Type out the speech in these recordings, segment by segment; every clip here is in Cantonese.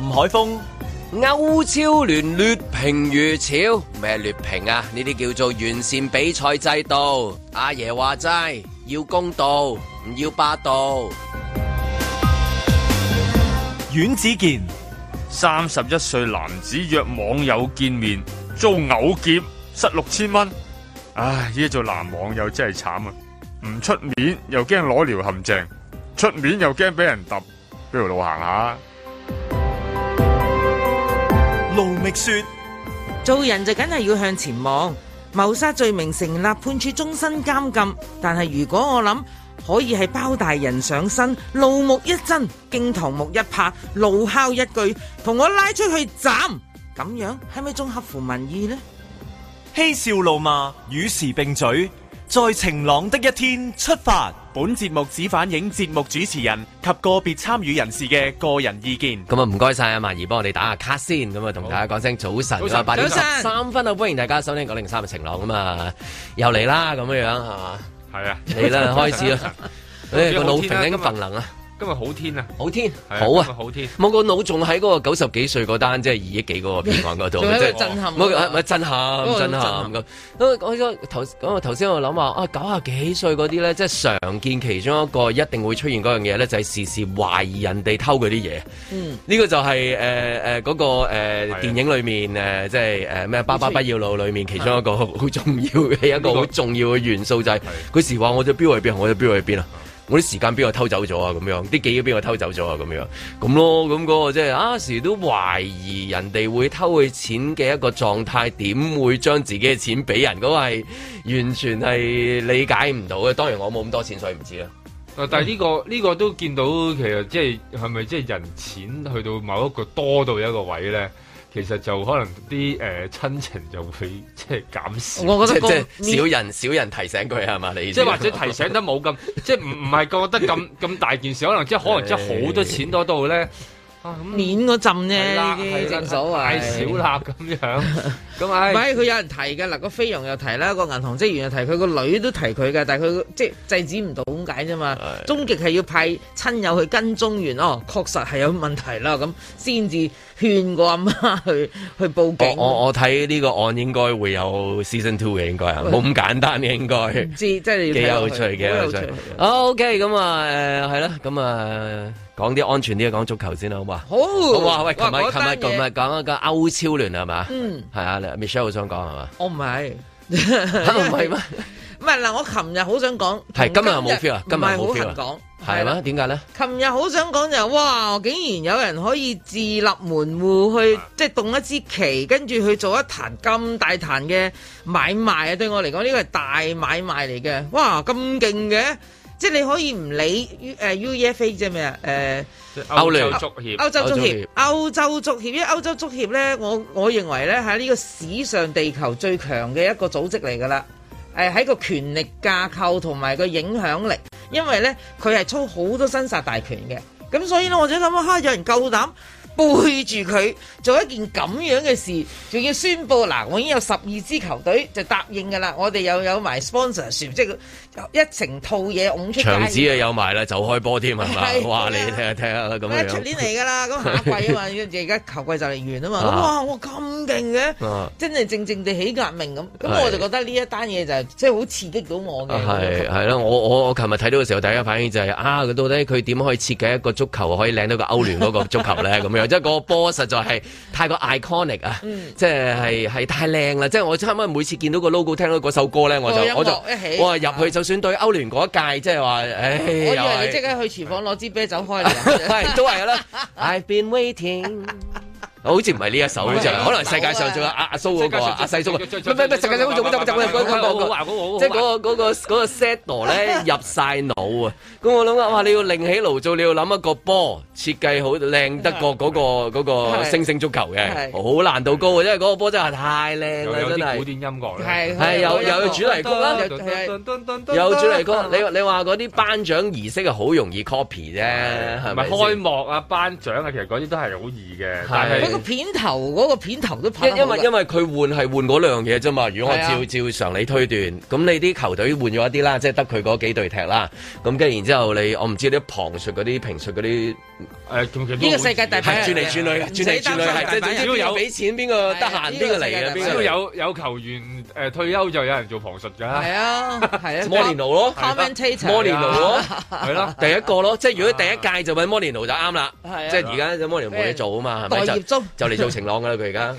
林海峰歐超聯劣評如潮，咩劣評啊？呢啲叫做完善比賽制度。阿爺話齋，要公道，唔要霸道。阮子健，三十一歲男子約網友見面遭毆劫，失六千蚊。唉，呢個做男網友真係慘啊！唔出面又驚攞條陷阱，出面又驚俾人揼。不如路行下？勞力說：做人就梗係要向前望。謀殺罪名成立，判處終身監禁。但係如果我諗，可以係包大人上身，怒目一睜，驚堂木一拍，怒敲一句，同我拉出去斬。咁樣係咪仲合乎民意呢？嬉笑怒罵，與時並舉，在晴朗的一天出發。本節目只反映節目主持人及個別參與人士嘅個人意見。咁啊，唔該晒啊，萬儀，幫我哋打下卡先，咁啊，同大家講聲早晨啊，八點十三分啊，歡迎大家收聽九零三嘅晴朗啊嘛，又嚟啦，咁樣樣係嘛，係啊，嚟啦，開始啦，誒，個 老平應該份能啊！ 今日好天啊！好天，好啊！天好天，嗯、我腦個腦仲喺嗰個九十幾歲嗰單，即係二億幾個片段嗰度，真係震，震撼！唔、嗯、係震，震，震撼，震撼咁。咁講起個頭，先，我諗話啊，九啊幾歲嗰啲咧，即、就、係、是、常見其中一個一定會出現嗰樣嘢咧，就係、是、時時懷疑人哋偷佢啲嘢。嗯，呢、這個就係誒誒嗰個誒、呃、電影裏面誒，即係誒咩《爸、就、爸、是呃、不要老》裏面其中一個好重要，係一個好重要嘅元素，就係佢時話我就標喺邊，我就標喺邊啊。我啲時間俾我偷走咗啊？咁樣啲記憶俾我偷走咗啊？咁樣咁咯，咁、那、嗰個即係有時都懷疑人哋會偷去錢嘅一個狀態，點會將自己嘅錢俾人？嗰、那個係完全係理解唔到嘅。當然我冇咁多錢，所以唔知啦。但係、這、呢個呢、這個都見到，其實即係係咪即係人錢去到某一個多到一個位咧？其實就可能啲誒、呃、親情就會即係減少，我覺得嗰個、即係少人少人提醒佢係嘛？你知道即係或者提醒得冇咁， 即唔唔係覺得咁咁 大件事，可能即可能即好多錢多到咧。 啊嗯、面嗰浸咧，係啦，係正所謂，係小立咁 樣。咁咪唔係佢有人提嘅嗱，個菲傭又提啦，個銀行職員又提佢，個女都提佢嘅，但係佢即係制止唔到咁解啫嘛。終極係要派親友去跟蹤完哦，確實係有問題啦，咁先至勸過阿媽去去報警。我我睇呢個案應該會有 season two 嘅，應該冇咁簡單嘅，應該唔知即係幾有趣嘅。OK，咁啊，誒，係啦，咁，oh, 啊、okay。Uh, 講啲安全啲，講足球先啦，好嘛？好，好啊！喂，琴日琴日琴日講一個歐超聯係嘛？嗯，係啊，Michelle 好想講係嘛？我唔係，唔係咩？唔係嗱，我琴日好想講，係今日冇 feel 啊，今日冇 feel 啊，講係嘛？點解咧？琴日好想講就哇，竟然有人可以自立門戶去即係動一支旗，跟住去做一壇咁大壇嘅買賣啊！對我嚟講，呢個係大買賣嚟嘅，哇，咁勁嘅！即係你可以唔理誒 UEFA 啫咩啊？呃、歐洲歐聯、歐洲足協、歐洲足協，因為歐洲足協咧，我我認為咧喺呢個史上地球最強嘅一個組織嚟㗎啦。誒喺個權力架構同埋個影響力，因為咧佢係操好多生殺大權嘅，咁所以咧我就諗啊吓，有人夠膽。背住佢做一件咁樣嘅事，仲要宣布嗱、啊，我已經有十二支球隊就答應噶啦，我哋又有埋 sponsor，隨即就一成套嘢湧出嚟。場子又有埋啦，就開波添係嘛，哇！你聽下聽下咁樣出年嚟噶啦，咁下季啊嘛，而家球季就嚟完啊嘛，咁哇，我咁勁嘅， 真係正正地起革命咁，咁我就覺得呢一單嘢就係即係好刺激到我嘅。係係啦，我我我琴日睇到嘅時候，大家反應就係、是、啊，佢到底佢點可以設計一個足球可以靚到個歐聯嗰個足球咧？咁樣。即係嗰個波實在係太過 iconic 啊！ 即係係係太靚啦！即係我差唔多每次見到個 logo，聽到嗰首歌咧，我就我就我就入去、嗯，就算對歐聯嗰一屆，即係話，唉！我以為你即刻去廚房攞支啤酒開嚟 都是， 都係啦。I've been waiting。 好似唔係呢一首啫，可能世界上仲有阿阿蘇嗰個啊，阿細蘇啊，唔係唔係，世界上仲有得得即係嗰個嗰個 set 咧入晒腦啊！咁我諗啊，哇！你要另起爐灶，你要諗一個波設計好靚得過嗰個、嗰個、星星足球嘅，好難度高嘅，因為嗰個波真係太靚啦，真係。nữa 有有古典音樂係又主題曲啦，有主題曲。你你話嗰啲頒獎儀式係好容易 copy 啫，係咪？開幕啊，頒獎啊，其實嗰啲都係好易嘅，但係嗰個、片頭嗰、嗰個片頭都拍得，因為因為佢換係換嗰兩樣嘢啫嘛。如果我照照常理推斷，咁你啲球隊換咗一啲啦，即係得佢嗰幾隊踢啦。咁跟住然之後你，你我唔知啲旁述嗰啲評述嗰啲。誒，其實呢個世界大牌係轉嚟轉去，轉嚟轉去，係即係只要有俾錢，邊、啊邊個得閒邊個嚟嘅？只要有有球員誒、呃、退休就有人做旁述嘅。係啊，係啊，摩連奴咯，commentator，摩連奴咯，係咯、啊啊啊，第一個咯，即係如果第一屆就揾摩連奴就啱啦。即係而家咁摩連冇嘢做啊嘛，就業 就嚟做晴朗噶啦佢而家，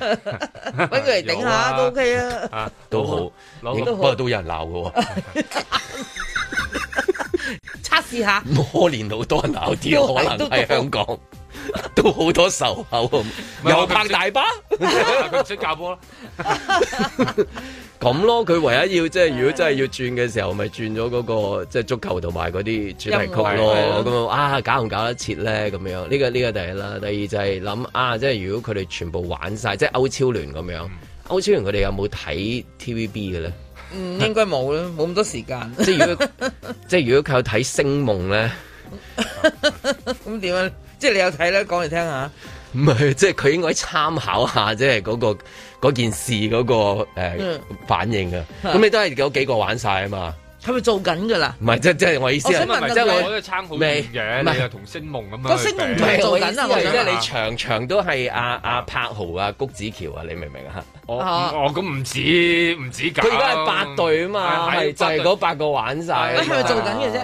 揾佢嚟頂下都 OK 啊，都好，不過都有人鬧嘅喎。測試下，摩連奴好多人鬧啲，可能喺香港都好多，多仇口喎，又 拍大巴，佢出教波咁咯。佢唯一要即係，如果真係要轉嘅時候，咪轉咗嗰個即係足球同埋嗰啲主題曲咯。咁啊，搞唔搞得切咧？咁樣呢個呢個第一啦，第二就係諗啊，即係如果佢哋全部玩晒，即係歐超聯咁樣。歐、嗯、超聯佢哋有冇睇 TVB 嘅咧？嗯，應該冇啦，冇咁多時間。即係如果 即係如果佢有睇星夢咧，咁點樣？即係你有睇咧，講嚟聽下。唔係，即係佢應該參考下，即係嗰、那個嗰件事嗰、那個誒、呃、反應啊。咁 你都係有幾個玩晒啊嘛。係咪做緊噶啦？唔係，即即係我意思。我想問，即係我個參好咩樣，唔係同星夢咁樣。個星夢唔係做緊啊！即係你場場都係阿啊柏豪啊谷子喬啊，你明唔明啊？我我我咁唔止唔止，佢而家係八隊啊嘛，係，啊，就係嗰八個玩曬。係咪做緊嘅啫。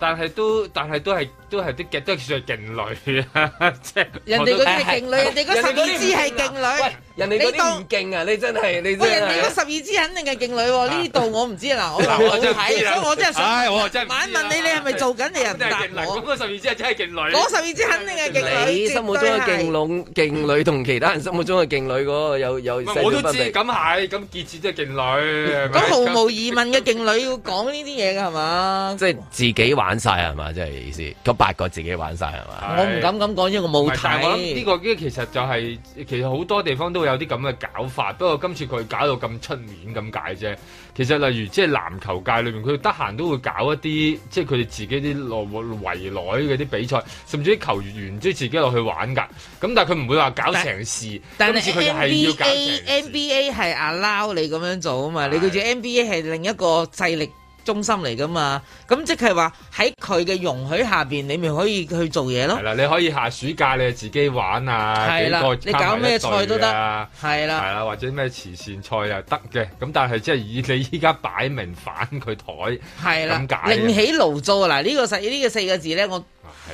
但係都，但係都係。都係啲極都算係勁女啊！即係人哋嗰啲係勁女，人哋嗰十二支係勁女。人哋嗰啲唔勁啊！你真係你真係。喂，人哋嗰十二支肯定係勁女喎，呢度我唔知啦，我冇睇，所以我真係想問問你，你係咪做緊你啊？嗱，嗱，嗰十二支係真係勁女。嗰十二支肯定係勁女。你心目中嘅勁女、勁女同其他人心目中嘅勁女嗰個有有細緻分別。咁係，咁傑子真係勁女。咁毫無疑問嘅勁女要講呢啲嘢㗎係嘛？即係自己玩曬係嘛？即係意思咁。八個自己玩晒係嘛？我唔敢咁講，因為我冇睇。但係我諗呢個其實就係、是、其實好多地方都會有啲咁嘅搞法，不過今次佢搞到咁出面咁解啫。其實例如即係、就是、籃球界裏面，佢得閒都會搞一啲即係佢哋自己啲內圍內啲比賽，甚至啲球員即係自己落去玩㗎。咁但佢唔會話搞成事。但，但 NBA，今次佢係要搞成。但係 NBA 係 allow 你咁樣做啊嘛！你對住 NBA 係另一個勢力中心嚟噶嘛？咁即係話喺佢嘅容許下面，你咪可以去做嘢咯。係啦，你可以下暑假你自己玩啊。係啦，你搞咩菜都得。係啦，係啦，或者咩慈善菜又得嘅。咁但係即係以你依家擺明反佢台，係啦，咁解。另起爐灶嗱，呢、這個四呢、這個四個字咧，我。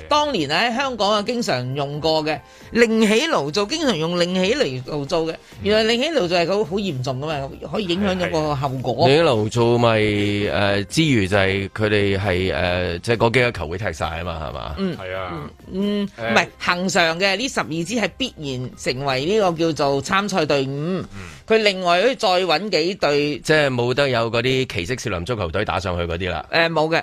當年喺香港啊，經常用過嘅另起爐灶，經常用另起爐灶嘅。原來另起爐灶係好好嚴重噶嘛，可以影響咗個後果。另起爐灶咪誒之餘就係佢哋係誒即係嗰幾個球會踢晒啊嘛，係嘛？嗯，係啊，嗯，唔係恒常嘅呢十二支係必然成為呢個叫做參賽隊伍。嗯，佢另外可以再揾幾隊，即係冇得有嗰啲奇蹟少林足球隊打上去嗰啲啦。誒、呃，冇嘅。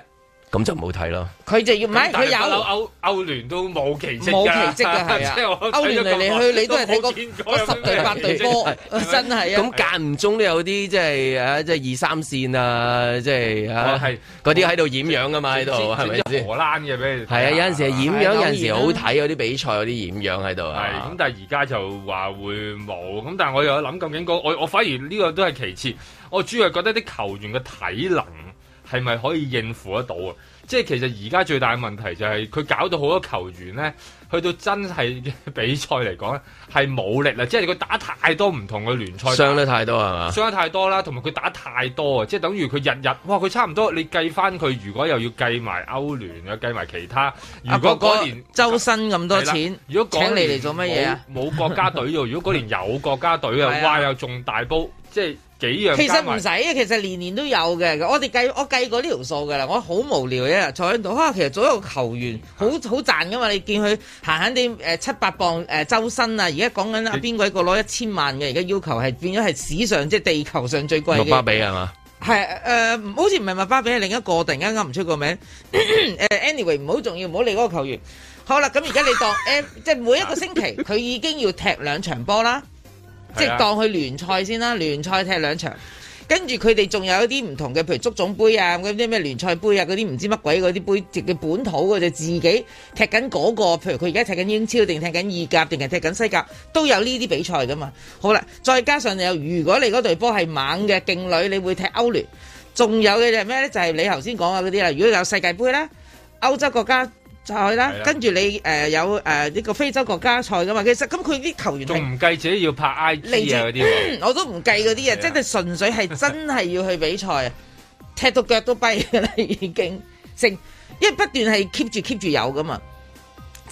咁就唔好睇咯。佢就要唔係佢有歐歐聯都冇奇蹟，冇、啊、奇蹟噶係啊！歐聯嚟嚟去你都係睇嗰十隊八隊波，真係啊！咁間唔中都有啲即係即係二三線啊，即係啊，係嗰啲喺度掩樣啊嘛，喺度係咪先？啊啊啊、荷蘭嘅俾係啊，有陣時係掩樣，有陣時好睇嗰啲比賽，嗰啲掩樣喺度啊。係咁，但係而家就話會冇咁，但係我又諗究竟，我我反而呢個都係其次，我主要係覺得啲球員嘅體能。係咪可以應付得到啊？即係其實而家最大嘅問題就係佢搞到好多球員咧，去到真係比賽嚟講咧，係冇力啦。即係佢打太多唔同嘅聯賽，傷得太多係嘛？傷得太多啦，同埋佢打太多啊！即係等於佢日日，哇！佢差唔多你計翻佢，如果又要計埋歐聯啊，計埋其他，如果嗰年、啊、周身咁多錢，係，如果嗰年冇，請你嚟做乜嘢啊？冇國家隊喎！ 如果嗰年有國家隊啊， 哇！又仲大煲，即係。其實唔使啊，其實年年都有嘅。我哋計我計過呢條數噶啦，我好無聊一日坐喺度。啊，其實做一個球員好好賺噶嘛，你見佢閒閒地誒七八磅誒、呃、周身啊。而家講緊阿邊鬼個攞一千萬嘅，而家要求係變咗係史上即係地球上最貴嘅巴比係嘛、啊？係誒、呃，好似唔係咪巴比啊？另一個突然間噏唔出個名。誒 ，anyway 唔好重要，唔好理嗰個球員。好啦，咁而家你當誒、 呃，即係每一個星期佢已經要踢兩場波啦。 即係當佢聯賽先啦，聯賽踢兩場，跟住佢哋仲有一啲唔同嘅，譬如足總杯啊，嗰啲咩聯賽杯啊，嗰啲唔知乜鬼嗰啲杯，直本土嘅就自己踢緊嗰、嗰個，譬如佢而家踢緊英超，定踢緊意甲，定係踢緊西甲，都有呢啲比賽噶嘛。好啦，再加上又如果你嗰隊波係猛嘅勁旅，你會踢歐聯。仲有嘅就係咩呢？就係、是、你頭先講啊嗰啲啦。如果有世界杯呢，歐洲國家。就係、是、啦，跟住你誒、呃、有誒呢、呃這個非洲國家賽噶嘛，其實咁佢啲球員仲唔計自己要拍 I G 嘢嗰啲，我都唔計嗰啲嘢，即係純粹係真係要去比賽，踢到腳都跛噶啦已經，成因為不斷係 keep 住 keep 住有噶嘛。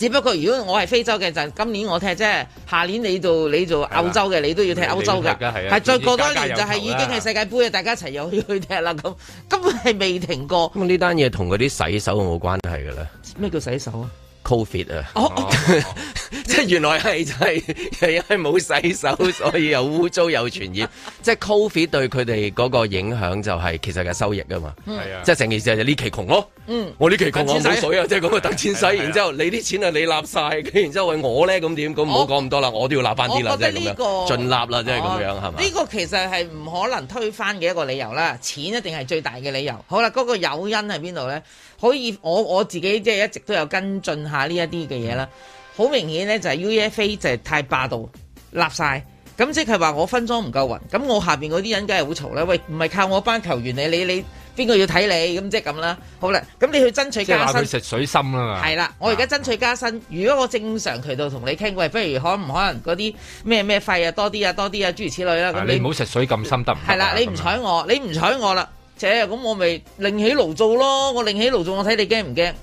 只不過，如果我係非洲嘅陣，就今年我踢啫，下年你做你做歐洲嘅，你都要踢歐洲嘅。係，再過多,多年就係已經係世界盃要加加有，大家一齊又去,去踢啦。咁根本係未停過。咁呢單嘢同嗰啲洗手冇關係㗎咧？咩叫洗手啊 Covid 啊！哦、oh, oh,，oh. 即係原來係就係係因為冇洗手，所以又污糟又傳染。即 係 Covid 對佢哋嗰個影響就係、是、其實係收益啊嘛。嗯、mm.。即係成件事就呢期窮咯。嗯，我呢期過我冇水啊，即係咁啊，等錢使，然之後你啲錢，你你錢你呢、這個就是、啊，你立晒，跟然之後喂我咧，咁點？咁唔好講咁多啦，我都要立翻啲啦，即係咁樣，盡立啦，即係咁樣係嘛？呢個其實係唔可能推翻嘅一個理由啦，錢一定係最大嘅理由。好啦，嗰、那個誘因喺邊度咧？可以我我自己即係一直都有跟進下呢一啲嘅嘢啦。好明顯咧就係 U E F A 就係太霸道，立晒，咁即係話我分裝唔夠勻，咁我下邊嗰啲人梗係好嘈啦。喂，唔係靠我班球員你你你。你邊個要睇你？咁即係咁啦。好啦，咁你去爭取加薪。食水深啦。係啦，我而家爭取加薪。如果我正常渠道同你傾，喂，不如可唔可能嗰啲咩咩費啊多啲啊多啲啊諸如此類啦。你唔好食水咁深得。係啦，你唔睬我，你唔睬我啦，即係咁，我咪另起爐灶咯。我另起爐灶，我睇你驚唔驚？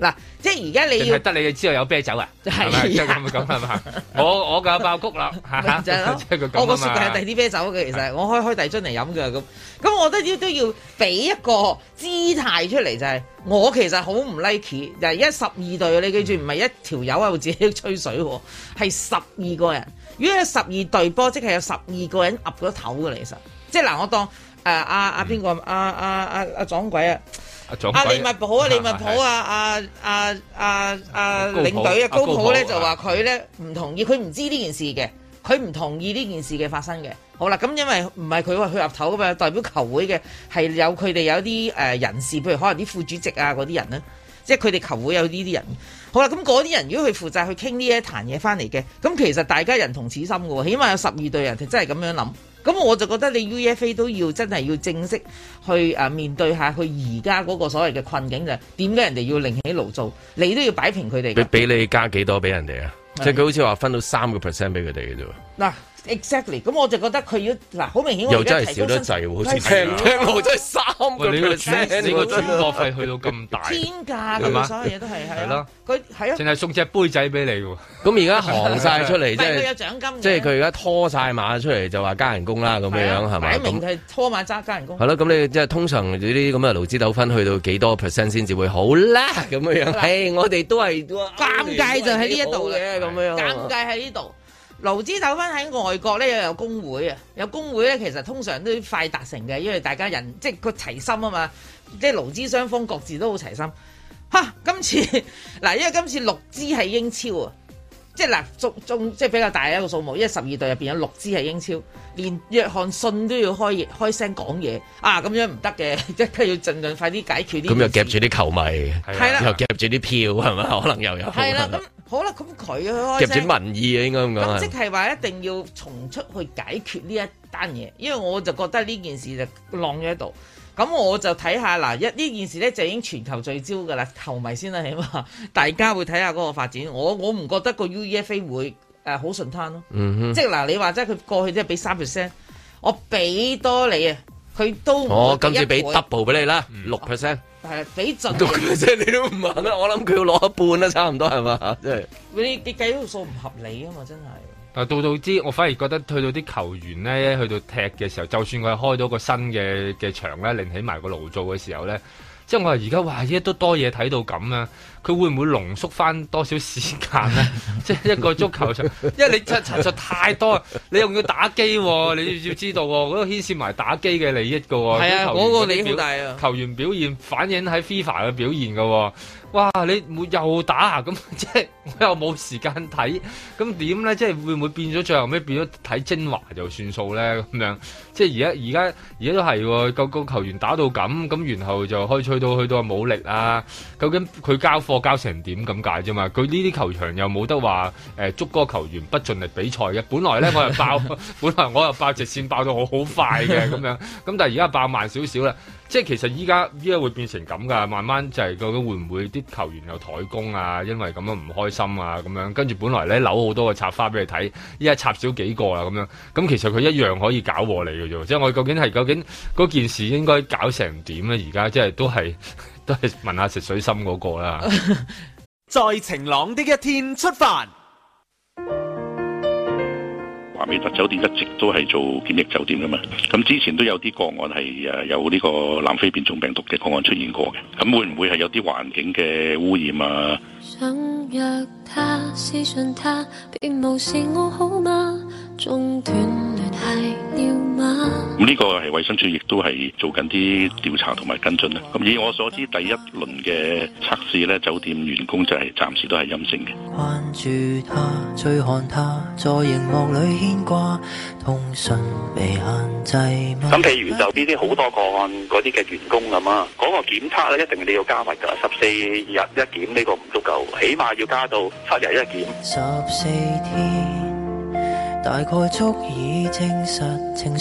嗱、啊，即係而家你要得你哋知道有啤酒啊，係、就、嘛、是，就咁係嘛，我我架爆谷啦 白嗎， 我個雪櫃係第二啲啤酒嘅。 其實我開開第二樽嚟飲嘅，咁，咁我覺得都要俾一個姿態出嚟，就係、是、我其實好唔 like 但係，因為十二隊你記住唔係一條友喺度自己吹水，係十二個人，如果係十二隊波，即係有十二個人岌咗頭嘅，其實，即係嗱、啊，我當。誒、啊，阿阿邊個？阿阿阿阿撞鬼啊！阿利物浦啊，利物浦啊，阿阿阿阿領隊啊，高普咧就話佢咧唔同意，佢唔知呢件事嘅，佢唔同意呢件事嘅發生嘅。好啦，咁因為唔係佢話去入頭噶嘛，代表球會嘅係有佢哋有啲誒人事，譬如可能啲副主席啊嗰啲人呢，即係佢哋球會有呢啲人。好啦，咁嗰啲人如果佢負責去傾呢一壇嘢翻嚟嘅，咁其實大家人同此心噶，起碼有十二隊人係真係咁樣諗。咁我就覺得你 UFA 都要真係要正式去、啊、面對下，佢而家嗰個所謂嘅困境就係點解人哋要另起爐灶，你都要擺平佢哋。佢俾你加幾多俾人哋啊？即係佢好似話分到三個 percent 俾佢哋嘅啫。嗱。Exactly，咁我就覺得佢要嗱，好明顯又真係少得滯喎，聽聽落真係三個 Pers,，你個你個轉會費去到咁大，天價係嘛？所有嘢都係係咯，佢係啊，淨係送隻杯仔俾你喎。咁而家行晒出嚟，即係佢有獎金，即係佢而家拖晒馬出嚟就話加人工啦，咁樣樣係咪？擺明，明拖馬揸加人工。係咯，咁你即係通常呢啲咁嘅勞資糾紛去到幾多 percent 先至會好啦？咁樣樣，係、嗯哎、我哋都係尷尬就喺呢一度嘅，尷尬喺呢度。勞資糾紛喺外國咧，又有，有工會啊，有工會咧，其實通常都快達成嘅，因為大家人即係個齊心啊嘛，即係勞資雙方各自都好齊心。嚇，今次嗱，因為今次六支係英超啊，即係嗱，中中即係比較大一個數目，因為十二隊入邊有六支係英超，連約翰遜都要開開聲講嘢啊，咁樣唔得嘅，即係要儘量快啲解決啲。咁又夾住啲球迷，係啦，又夾住啲票係咪？可能又有係啦咁。好啦，咁佢開啫，睇唔睇民意啊？應該咁講，即係話一定要重出去解決呢一單嘢，因為我就覺得呢件事就晾咗喺度。咁我就睇下嗱，一呢件事咧就已經全球聚焦噶啦，球迷先啦，起碼大家會睇下嗰個發展。我我唔覺得個 U E F A 會呃、好順攤咯、嗯，即係嗱，你話即係佢過去即係俾三 percent，我俾多你啊！佢都我、哦、今次俾 double 俾你啦，六、嗯、percent。係俾盡六 percent，你都唔問啦。我諗佢要攞一半啦，差唔多係嘛，即係你你計嗰數唔合理啊嘛，真係。但係到到之，我反而覺得去到啲球員咧，去到踢嘅時候，就算佢係開到個新嘅嘅場咧，另起埋個爐灶嘅時候咧。即係我話而家哇，依家都多嘢睇到咁啦，佢會唔會濃縮翻多少時間咧？即 係一個足球場， 因為你真係實在太多，你又要打機、哦，你要知道喎、哦，嗰個牽涉埋打機嘅利益嘅喎、哦。係啊，嗰、嗰個利益好大啊！球員表現反映喺 FIFA 嘅表現嘅喎、哦， 哇！你又打咁即係我又冇時間睇，咁點咧？即係會唔會變咗最後尾變咗睇精華就算數咧？咁樣。即係而家，而家而家都係個個個球員打到咁，咁然後就開吹到去到冇力啊！究竟佢交貨交成點咁解啫嘛？佢呢啲球場又冇得話誒，足球員不盡力比賽嘅。本來咧，我又爆， 本來我又爆直線爆到好好快嘅咁樣。咁但係而家爆慢少少啦。即係其實依家依家會變成咁㗎，慢慢就係、是、究竟會唔會啲球員又怠工啊？因為咁樣唔開心啊，咁樣跟住本來咧扭好多個插花俾你睇，依家插少幾個啦咁樣。咁其實佢一樣可以搞和你。即係我究竟係究竟嗰件事應該搞成點咧？而家即係都係都係問下食水深嗰個啦。在晴朗的一天出發，華美達酒店一直都係做檢疫酒店噶嘛。咁之前都有啲個案係誒有呢個南非變種病毒嘅個案出現過嘅。咁會唔會係有啲環境嘅污染啊？想約他、私信他，別無視我好嗎？咁呢、嗯這個係衛生署亦都係做緊啲調查同埋跟進啦。咁、嗯、以我所知，第一輪嘅測試呢，酒店員工就係暫時都係陰性嘅。他，追看他在螢幕裏牽掛通訊被限制咁，譬如就呢啲好多個案嗰啲嘅員工咁啊，嗰個檢測咧一定你要加密噶，十四日一檢呢個唔足夠，起碼要加到七日一檢。大概足以證實情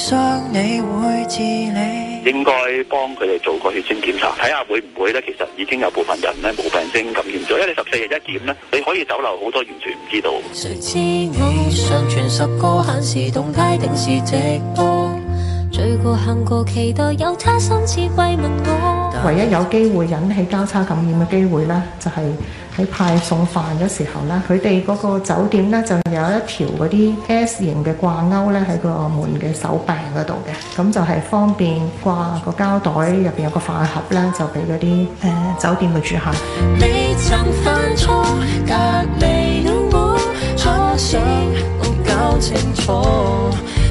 你會治理，應該幫佢哋做個血清檢查，睇下會唔會咧？其實已經有部分人咧冇病徵感染咗，因為你十四日一檢咧，你可以走漏好多完全唔知道。誰知你上傳十個限唯一有機會引起交叉感染嘅機會咧，就係、是、喺，派送飯嘅時候咧，佢哋嗰個酒店咧就有一條嗰啲 S 型嘅掛鈎咧喺個門嘅手柄嗰度嘅，咁就係方便掛個膠袋，入邊有一個飯盒咧，就俾嗰啲誒酒店嘅住客。你曾犯錯隔離有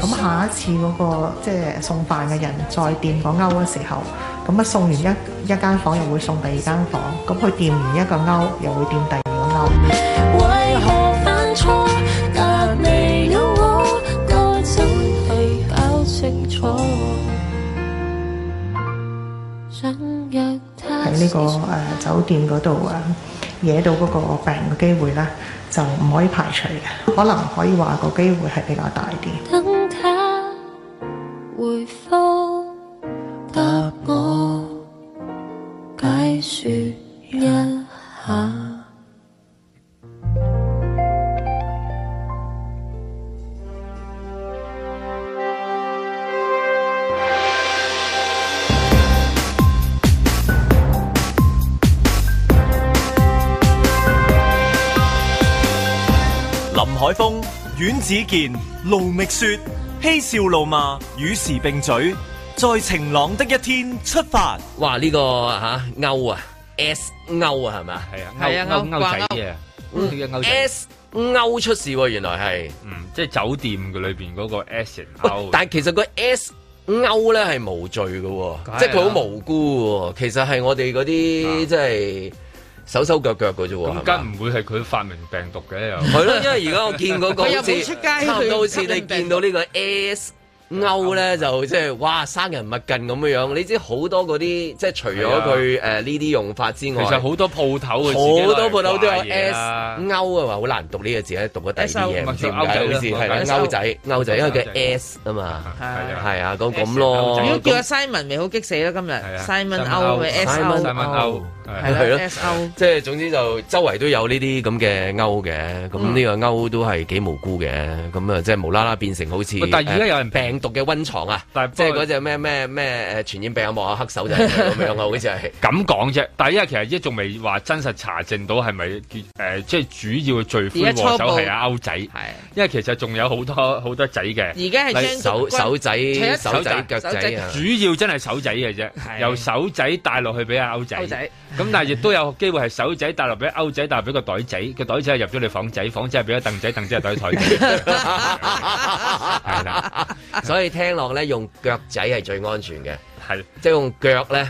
咁下一次嗰，那個即係，就是，送飯嘅人再掂個勾嘅時候，咁啊送完一一間房又會送第二間房，咁佢掂完一個勾又會掂第二個勾。喺呢，這個誒、呃、酒店嗰度啊，惹到嗰個病嘅機會啦，就唔可以排除嘅，可能可以話個機會係比較大啲，等他回覆給我解釋。只見盧覓雪，嬉笑怒罵與時並嘴，在晴朗的一天出發。哇！呢個吓歐啊，S 歐啊，係咪？係啊，歐歐仔嘅，好似個歐仔。S 歐出事，原來係，嗯，即係酒店嘅裏邊嗰個 S 歐。但係其實個 S 歐咧係無罪嘅，即係佢好無辜。其實係我哋嗰啲即係。手手腳腳嘅，啫喎，更加唔會係佢發明病毒嘅一樣，係囉， 因為而家我見嗰個出街，到時你見到呢個 S。勾咧就即係哇，生人勿近咁嘅樣，你知好多嗰啲即係除咗佢誒呢啲用法之外，其實好多鋪頭好多鋪頭都有 S 勾啊，話好難讀呢個字咧，讀個第二啲嘢唔知點解好似勾仔勾仔，仔，仔，仔，仔，仔，仔，仔，因為佢 S 啊嘛，係啊係咁咁咯。如果叫阿 Simon 咪好激死咯今日，Simon 勾嘅 S O，係咯，啊啊 Simon 啊，S O，即係總之就周圍都有呢啲咁嘅勾嘅，咁呢個勾都係幾無辜嘅，咁啊即係無啦啦變成好似。但係而家有人病。毒嘅溫床啊！但即係嗰隻咩咩咩誒傳染病啊，幕後黑手就係咁樣啊！好似係咁講啫，但係因為其實一仲未話真實查證到係咪誒即係主要嘅罪魁禍首係阿歐仔，因為其實仲有好多好多仔嘅。而家係手手，手仔、手仔，腳仔，仔，仔，仔，仔，仔係主要真係手仔嘅啫， 由手仔帶落去俾阿歐仔。歐仔咁，但係亦都有機會係手仔帶落俾歐仔，帶入俾個袋仔，個袋仔入咗你房仔，房仔係俾咗凳仔，凳仔係袋仔係啦。 所以聽落咧，用腳仔係最安全嘅，係，即係用腳咧。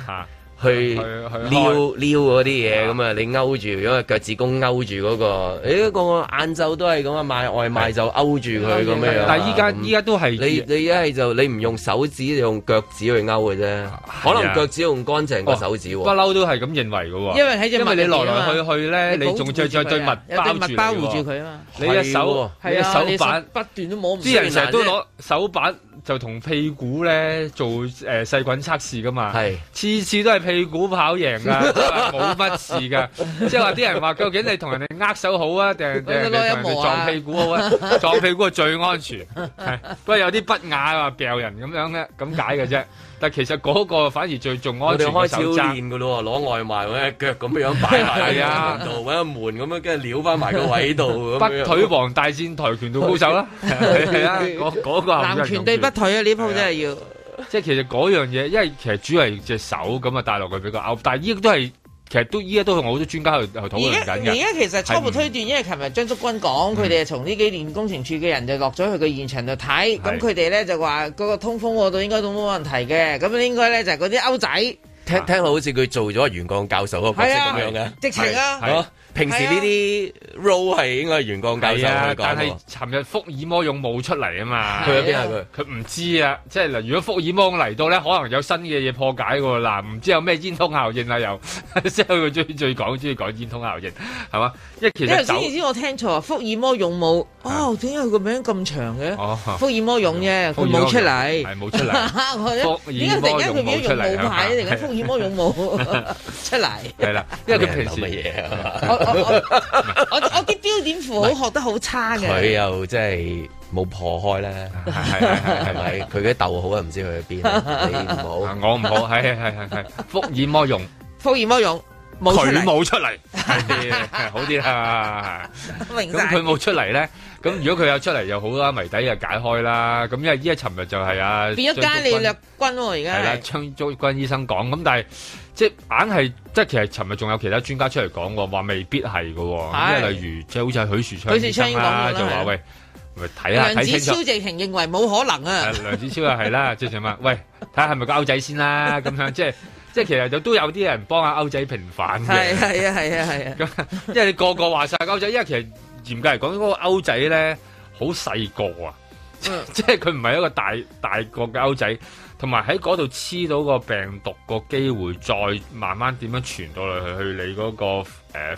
去撩撩嗰啲嘢咁啊！樣你勾住，因為腳趾公勾住嗰、嗰個。誒、哎嗰個個晏晝都係咁啊，買外賣就勾住佢咁樣。但係依家依家都係你你一係就你唔用手指，你用腳趾去勾嘅啫、啊。可能腳趾用乾淨過手指喎。不、哦、嬲都係咁認為嘅喎。因為因為你來來去去咧、啊，你仲再再對物物包護住佢啊嘛。你一、啊啊啊啊啊啊啊啊、手，啊、你一手板不斷摸不都摸唔曬，啲人成日都攞手板。就是就同屁股咧做、呃、細菌測試噶嘛，次次都係屁股跑贏噶，冇 乜事噶。即係話啲人話，究竟你同人哋握手好啊，定係撞屁股好啊？ 撞屁股係最安全，不 過有啲不雅話掉 人咁樣嘅，咁解嘅啫。但其實嗰個反而最重安全的我，我哋開少練咯，攞外賣或者腳咁樣擺喺度，揾 個、啊、門咁樣跟住撩翻埋個位度，北 腿王大戰跆拳道高手啦，係 是啊，嗰、 啊 嗰個拳男拳對北腿啊，呢鋪真係要、啊，即係其實嗰樣嘢，因為其實主要係隻手咁啊，帶落去比較拗。但係呢個都係。其實都依家都係我好多專家去去討論緊嘅。而家其實初步推斷，因為琴日張竹君講，佢哋就從呢幾年工程處嘅人就落咗去個現場度睇，咁佢哋咧就話嗰個通風嗰度應該都冇問題嘅，咁應該咧就嗰啲歐仔、啊、聽聽落好似佢做咗袁剛教授嗰個角色咁樣嘅，即場啊！平時呢啲 role 係應該係袁剛教授去講、啊，但係尋日福爾摩勇武出嚟啊嘛，佢有邊係佢？佢唔知啊，知即係嗱，如果福爾摩嚟到咧，可能有新嘅嘢破解嘅喎，嗱，唔知有咩煙通效應啦、啊、又，即係佢最最講，最講煙通效應，係嘛？因為其實，你知唔知我聽錯？福爾摩勇武。哦，點解佢個名咁長嘅、哦？福爾摩勇啫、啊，佢冇出嚟，冇、嗯、出嚟。點 解突然間佢要用冒牌、啊？突然福爾摩勇冇出嚟。係啦，因為佢平時嘢啊。我我啲標點符號學得好差嘅。佢又真係冇破開咧，係 咪？佢嘅逗號啊，唔知去邊。 你唔好，我唔好，係係係係。福爾摩勇，福爾摩勇。佢冇出嚟，好啲啦。咁佢冇出嚟咧，咁如果佢有出嚟就好啦，謎底又解開啦。咁因為依家尋日就係啊，變咗加利略軍咯而家。係啦，張竹君醫生講，咁但係即係硬係，即係其實尋日仲有其他專家出嚟講，話未必係噶。即係例如，即係好似係許樹昌啦，就話喂，睇下梁子超，直情認為冇可能啊。梁子超又係啦，即係問喂，睇下係咪個歐仔先啦，咁樣即係。即係其實就都有啲人幫阿歐仔平反嘅，係啊係啊係啊！ 因為你個個話晒歐仔，因為其實嚴格嚟講，嗰個歐仔咧好細個啊， 即係佢唔係一個大大個嘅歐仔，同埋喺嗰度黐到個病毒個機會，再慢慢點樣傳到落去，去你嗰個誒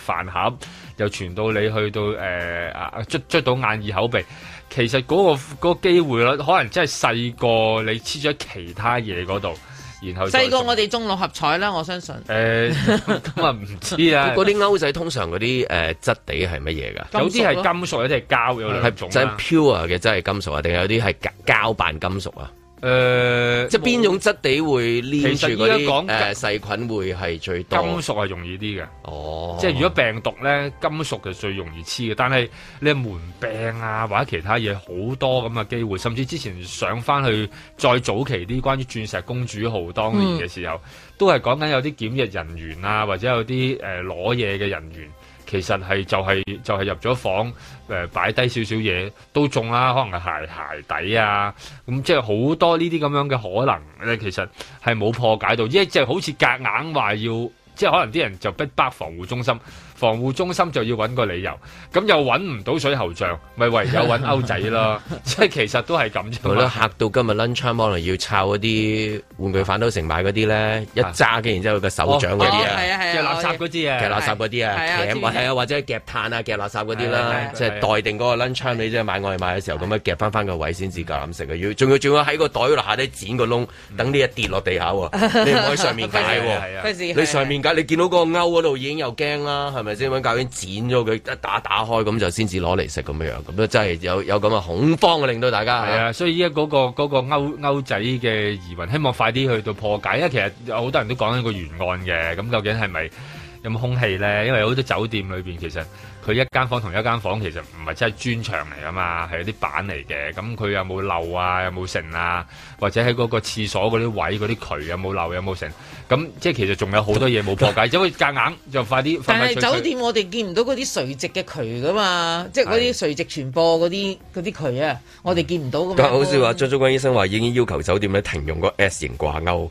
飯盒，又傳到你去到誒啊捽捽到眼耳口鼻，其實嗰個嗰個機會率可能真係細過你黐咗其他嘢嗰度。細個我哋中六合彩啦，我相信、呃。誒咁啊唔知啊，嗰啲歐仔通常嗰啲誒質地係乜嘢㗎？金屬，有啲係金屬，膠，有啲係膠，有兩種真 pure 嘅真係金屬啊，定係有啲係膠拌金屬啊？誒、呃，即係邊種質地會黏住嗰啲誒細菌會係最多？金屬係容易啲嘅，哦，即係如果病毒咧，金屬係最容易黐嘅。但係你門柄啊，或者其他嘢好多咁嘅機會，甚至之前上翻去再早期啲關於鑽石公主號當年嘅時候，嗯、都係講緊有啲檢疫人員啊，或者有啲誒攞嘢嘅人員。其實係就係就係入咗房，誒擺低少少嘢都中啦，可能係鞋鞋底啊，咁即係好多呢啲咁樣嘅可能，呢其實係冇破解到，一即係好似夾硬話要，即係可能啲人就逼爆防護中心。防護中心就要揾個理由，咁又揾唔到水喉像，咪 唯有揾鈎仔啦。即 係其實都係咁啫。咪嚇到今日 lunchtime 可能要湊嗰啲玩具反斗城買嗰啲咧，一揸嘅然之後個手掌嗰啲、哦哦、啊，即係垃圾嗰啲啊，垃圾啲啊，或者夾炭啊，夾垃圾嗰啲啦，即係、就是、待定嗰個 lunchtime 你即係買外賣嘅時候咁樣夾翻翻個位先至夠膽食嘅，仲、嗯、要仲要喺個袋落下咧剪個窿，等、嗯、呢一跌落地下喎， 你唔可以上面解喎。你上面解你見到個鈎嗰度已經又驚啦，咪先揾教官剪咗佢一打打開咁就先至攞嚟食，咁樣樣，咁都真係有有咁嘅恐慌啊令到大家。係啊，所以依家嗰個嗰個歐歐仔嘅疑雲，希望快啲去到破解。因為其實有好多人都講緊個懸案嘅，咁究竟係咪有冇空氣咧？因為好多酒店裏邊其實。佢一間房同一間房其實唔係真係磚牆嚟啊嘛，係啲板嚟嘅。咁佢有冇漏啊？有冇剩啊？或者喺嗰個廁所嗰啲位嗰啲渠有冇漏？有冇剩？咁即係其實仲有好多嘢冇破解，只可以夾硬就快啲。但係酒店我哋見唔到嗰啲垂直嘅渠噶嘛，即係嗰啲垂直傳播嗰啲嗰啲渠啊，我哋見唔到嘅。嘛、嗯、好似話，張竹君醫生話已經要求酒店咧停用個 S 型掛鈎。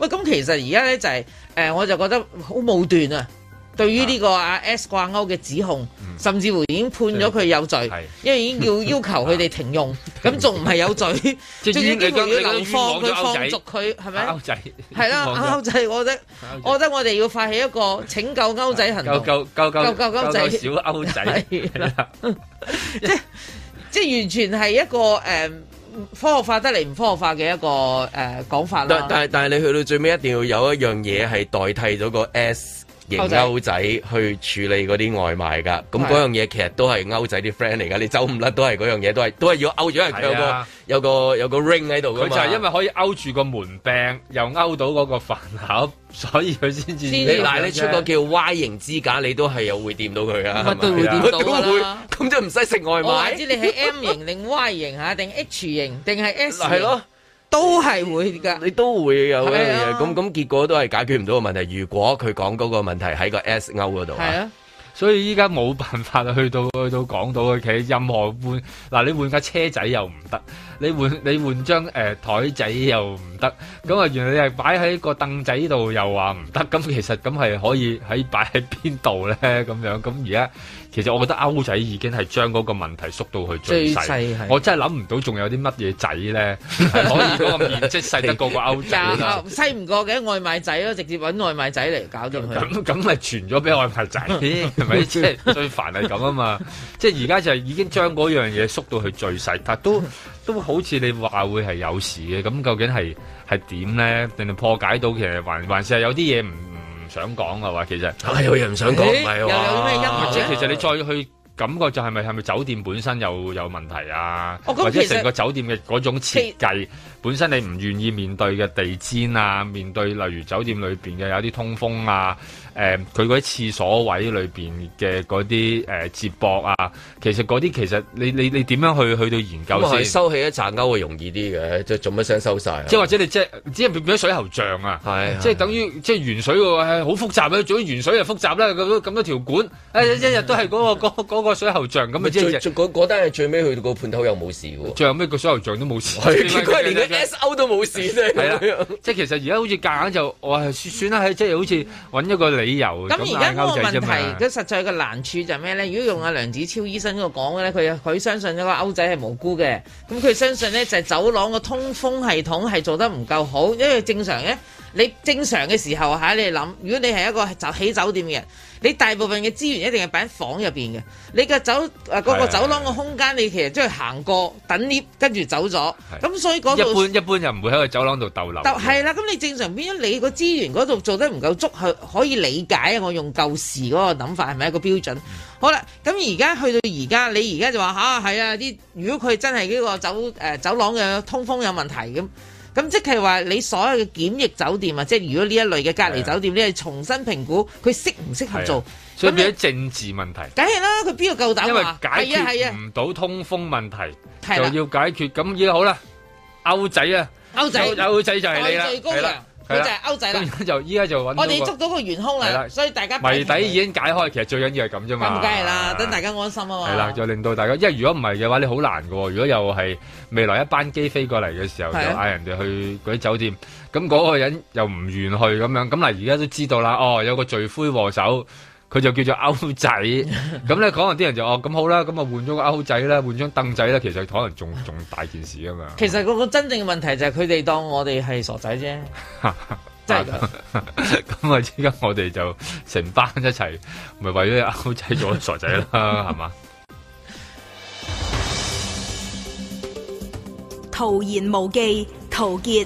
喂、嗯，咁其實而家咧就係，誒，我就覺得好武斷啊！對於呢個啊 S 掛勾嘅指控、嗯，甚至乎已經判咗佢有罪，因為已經要要求佢哋停用，咁仲唔係有罪？終 於機會要放佢 放逐佢，係咪？歐、啊、仔係啦，歐、啊仔、啊、仔，我覺得，啊、我覺得我哋要發起一個拯救歐仔行動，救救救救歐救、救小歐仔， 是的 即即完全係一個、um, 科學化得嚟唔科學化嘅一個誒呃，講法啦。但係但係你去到最尾，一定要有一樣嘢係代替咗個 S。勾仔去處理嗰啲外賣噶，咁、okay. 嗰樣嘢其實都係勾仔啲 friend 嚟噶，你走唔甩都係嗰樣嘢，都係都係要勾咗人個、啊、有個有個，有個 ring 喺度，佢就係因為可以勾住個門柄，又勾到嗰個飯盒，所以佢先至。你奶呢出個叫 Y 型支架，你都係又會掂到佢啊？乜都會掂到啦！咁就唔使食外賣。我話知你係 M 型定 Y 型定 H 型定係 S？係咯。都係會噶，你都會有嘅咁咁，結果都係解決唔到個問題。如果佢講嗰個問題喺個 S O 嗰度啊，所以依家冇辦法去到去到港島佢，其實任何換嗱，你換架車仔又唔得，你換你換張誒枱仔又唔得，咁啊原來你係擺喺個凳仔度又話唔得，咁其實咁係可以喺擺喺邊度咧咁樣，咁而家。其實我覺得歐仔已經係將嗰個問題縮到去最細，我真係諗唔到仲有啲乜嘢仔咧， 可以嗰個面積細得過個歐仔。有細唔過嘅外賣仔咯，直接揾外賣仔嚟搞掂。咁咁咪傳咗俾外賣仔，係咪？即係 不是 最煩係咁啊嘛！ 即係而家就係已經將嗰樣嘢縮到去最細，但都都好似你話會係有事嘅，咁究竟係係點咧？定係破解到其實還還是係有啲嘢唔。想講嘅話，其實，係、哎欸、有人唔想講，唔係又有咩陰影？或者其實你再去感覺、就係，就係咪係咪酒店本身又有，有問題啊？哦、或者成個酒店嘅嗰種設計，本身你唔願意面對嘅地氈啊，面對例如酒店裏邊嘅有啲通風啊。誒佢嗰啲廁所位裏邊嘅嗰啲誒接駁啊，其實嗰啲其實你你你點樣去去到研究收起一扎鈎會容易啲嘅，即係做乜聲收晒。即係或者你即係即係變咗水喉像啊？即係等於即係原水喎，好、哎、複雜做原水又複雜啦。咁多條管、哎，一日都係嗰、嗰個嗰嗰個水喉像。咁啊！即係嗰單係最尾去到個判頭又冇事喎，最尾個水喉像都冇事，係連個 S O 都冇事。事啊、即係其實而家好似夾硬，硬就我算啦，即係好似揾一個。理由，咁而家個問題，咁實在個難處就係咩呢？如果用阿梁子超醫生嗰度講嘅呢，佢佢相信呢個歐仔係無辜嘅，咁佢相信呢，就係走廊個通風系統係做得唔夠好，因為正常呢。你正常嘅時候嚇、啊，你諗，如果你係一個走起酒店嘅人，你大部分嘅資源一定係擺喺房入邊嘅。你個走誒、啊嗰個走廊嘅空間，你其實即係行過、等 lift 跟住走咗。咁所以嗰度一般一般人唔會喺個走廊度逗留。係啦，咁你正常變咗你個資源嗰度做得唔夠足，去可以理解。我用舊時嗰個諗法係咪一個標準？嗯、好啦，咁而家去到而家，你而家就話吓，係啊！啲如果佢真係呢個走誒、呃、走廊嘅通風有問題咁。咁即係話你所有嘅檢疫酒店啊，即係如果呢一類嘅隔離酒店，你係重新評估佢適唔適合做？所以變咗政治問題。梗係啦，佢邊度夠膽因為，解決唔到通風問題。係啊，係啊，就要解決。咁而家好啦，歐仔啊，歐仔，歐仔，歐仔就係你啦，最高佢就係歐仔啦，就依家就揾到，我哋捉到個元兇啦，所以大家謎底已經解開，其實最緊要係咁啫嘛。咁梗係啦，等大家安心啊嘛。係啦，就令到大家，因為如果唔係嘅話，你好難㗎喎。如果又係未來一班機飛過嚟嘅時候，就嗌人哋去嗰啲酒店，咁嗰個人又唔願去咁樣。咁嗱，而家都知道啦，哦，有個罪魁禍首。佢就叫做歐仔，咁咧可能啲人說哦就哦咁好啦，咁啊換咗個歐仔啦，換咗凳仔啦，其實可能仲仲大件事啊嘛。其實嗰個真正嘅問題就係佢哋當我哋係傻仔啫， 真係是的。咁 啊，即刻我哋就成班一齊，咪為咗歐仔做傻仔啦，係 嘛？徒言無忌，陶傑。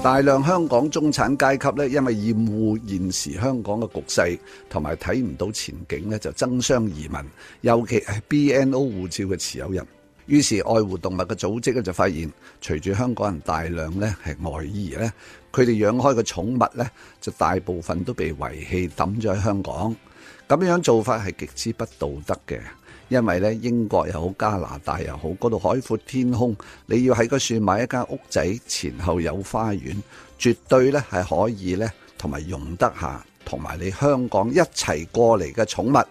大量香港中產階級咧，因為厭惡現時香港嘅局勢，同埋睇唔到前景咧，就爭相移民，尤其係 BNO 護照嘅持有人。於是愛護動物嘅組織咧就發現，隨住香港人大量咧係外移咧，佢哋養開嘅寵物咧就大部分都被遺棄抌咗喺香港。咁樣做法係極之不道德嘅，因為咧英國又好，加拿大又好，嗰度海闊天空，你要喺嗰處買一間屋仔，前後有花園，絕對咧係可以咧，同埋容得下，同埋你香港一齊過嚟嘅寵物。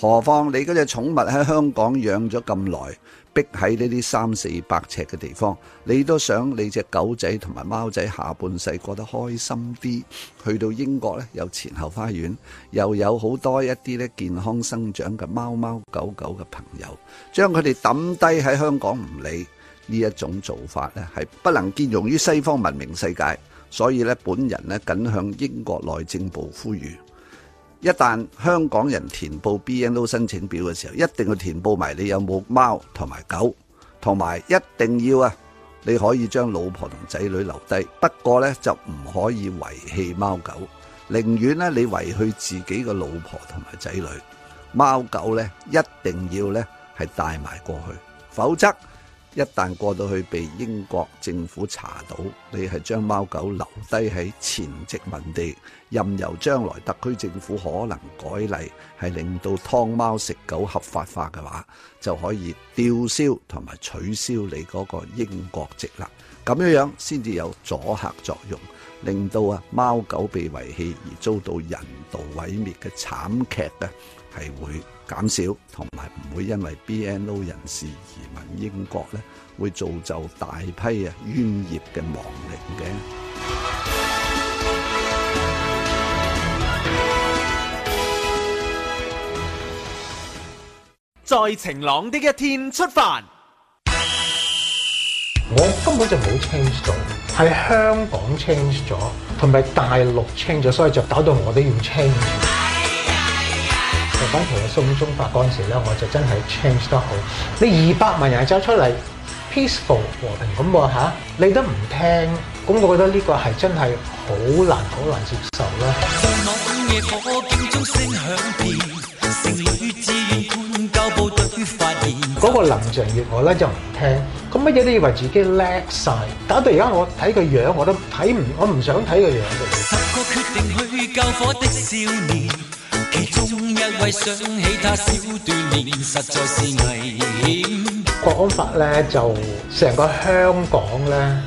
何況你嗰隻寵物喺香港養咗咁耐。逼喺呢啲三四百尺嘅地方，你都想你隻狗仔同埋貓仔下半世過得開心啲。去到英國咧，有前後花園，又有好多一啲咧健康生長嘅貓貓狗狗嘅朋友，將佢哋抌低喺香港唔理呢一種做法咧，係不能見容於西方文明世界。所以咧，本人咧謹向英國內政部呼籲。一旦香港人填報 BNO 申請表嘅時候，一定要填報埋你有冇貓同埋狗，同埋一定要啊，你可以將老婆同仔女留低，不過呢就唔可以遺棄貓狗，寧願呢你遺棄自己嘅老婆同埋仔女，貓狗呢一定要呢係帶埋過去，否則一旦過到去被英國政府查到，你係將貓狗留低喺前殖民地。任由將來特區政府可能改例，係令到劏貓食狗合法化嘅話，就可以吊銷同埋取消你嗰個英國籍啦。咁樣樣先至有阻嚇作用，令到啊貓狗被遺棄而遭到人道毀滅嘅慘劇呢，係會減少，同埋唔會因為 BNO 人士移民英國咧，會造就大批啊冤業嘅亡靈嘅。在晴朗的一天出發，我根本就冇 change 到，係香港 change 咗，同埋大陸 change 咗，所以就搞到我都要 change。我其實送中法嗰陣時咧，我就真係 change 得好。你二百萬人走出嚟，peaceful 和平咁啊吓，你都唔聽，咁我覺得呢個係真係好難好難接受咯。和我嗰、那個林鄭月娥咧就唔聽，咁乜嘢都以為自己叻晒，搞到而家我睇佢樣我都睇唔，我唔想睇佢樣。國安法咧，就成個香港咧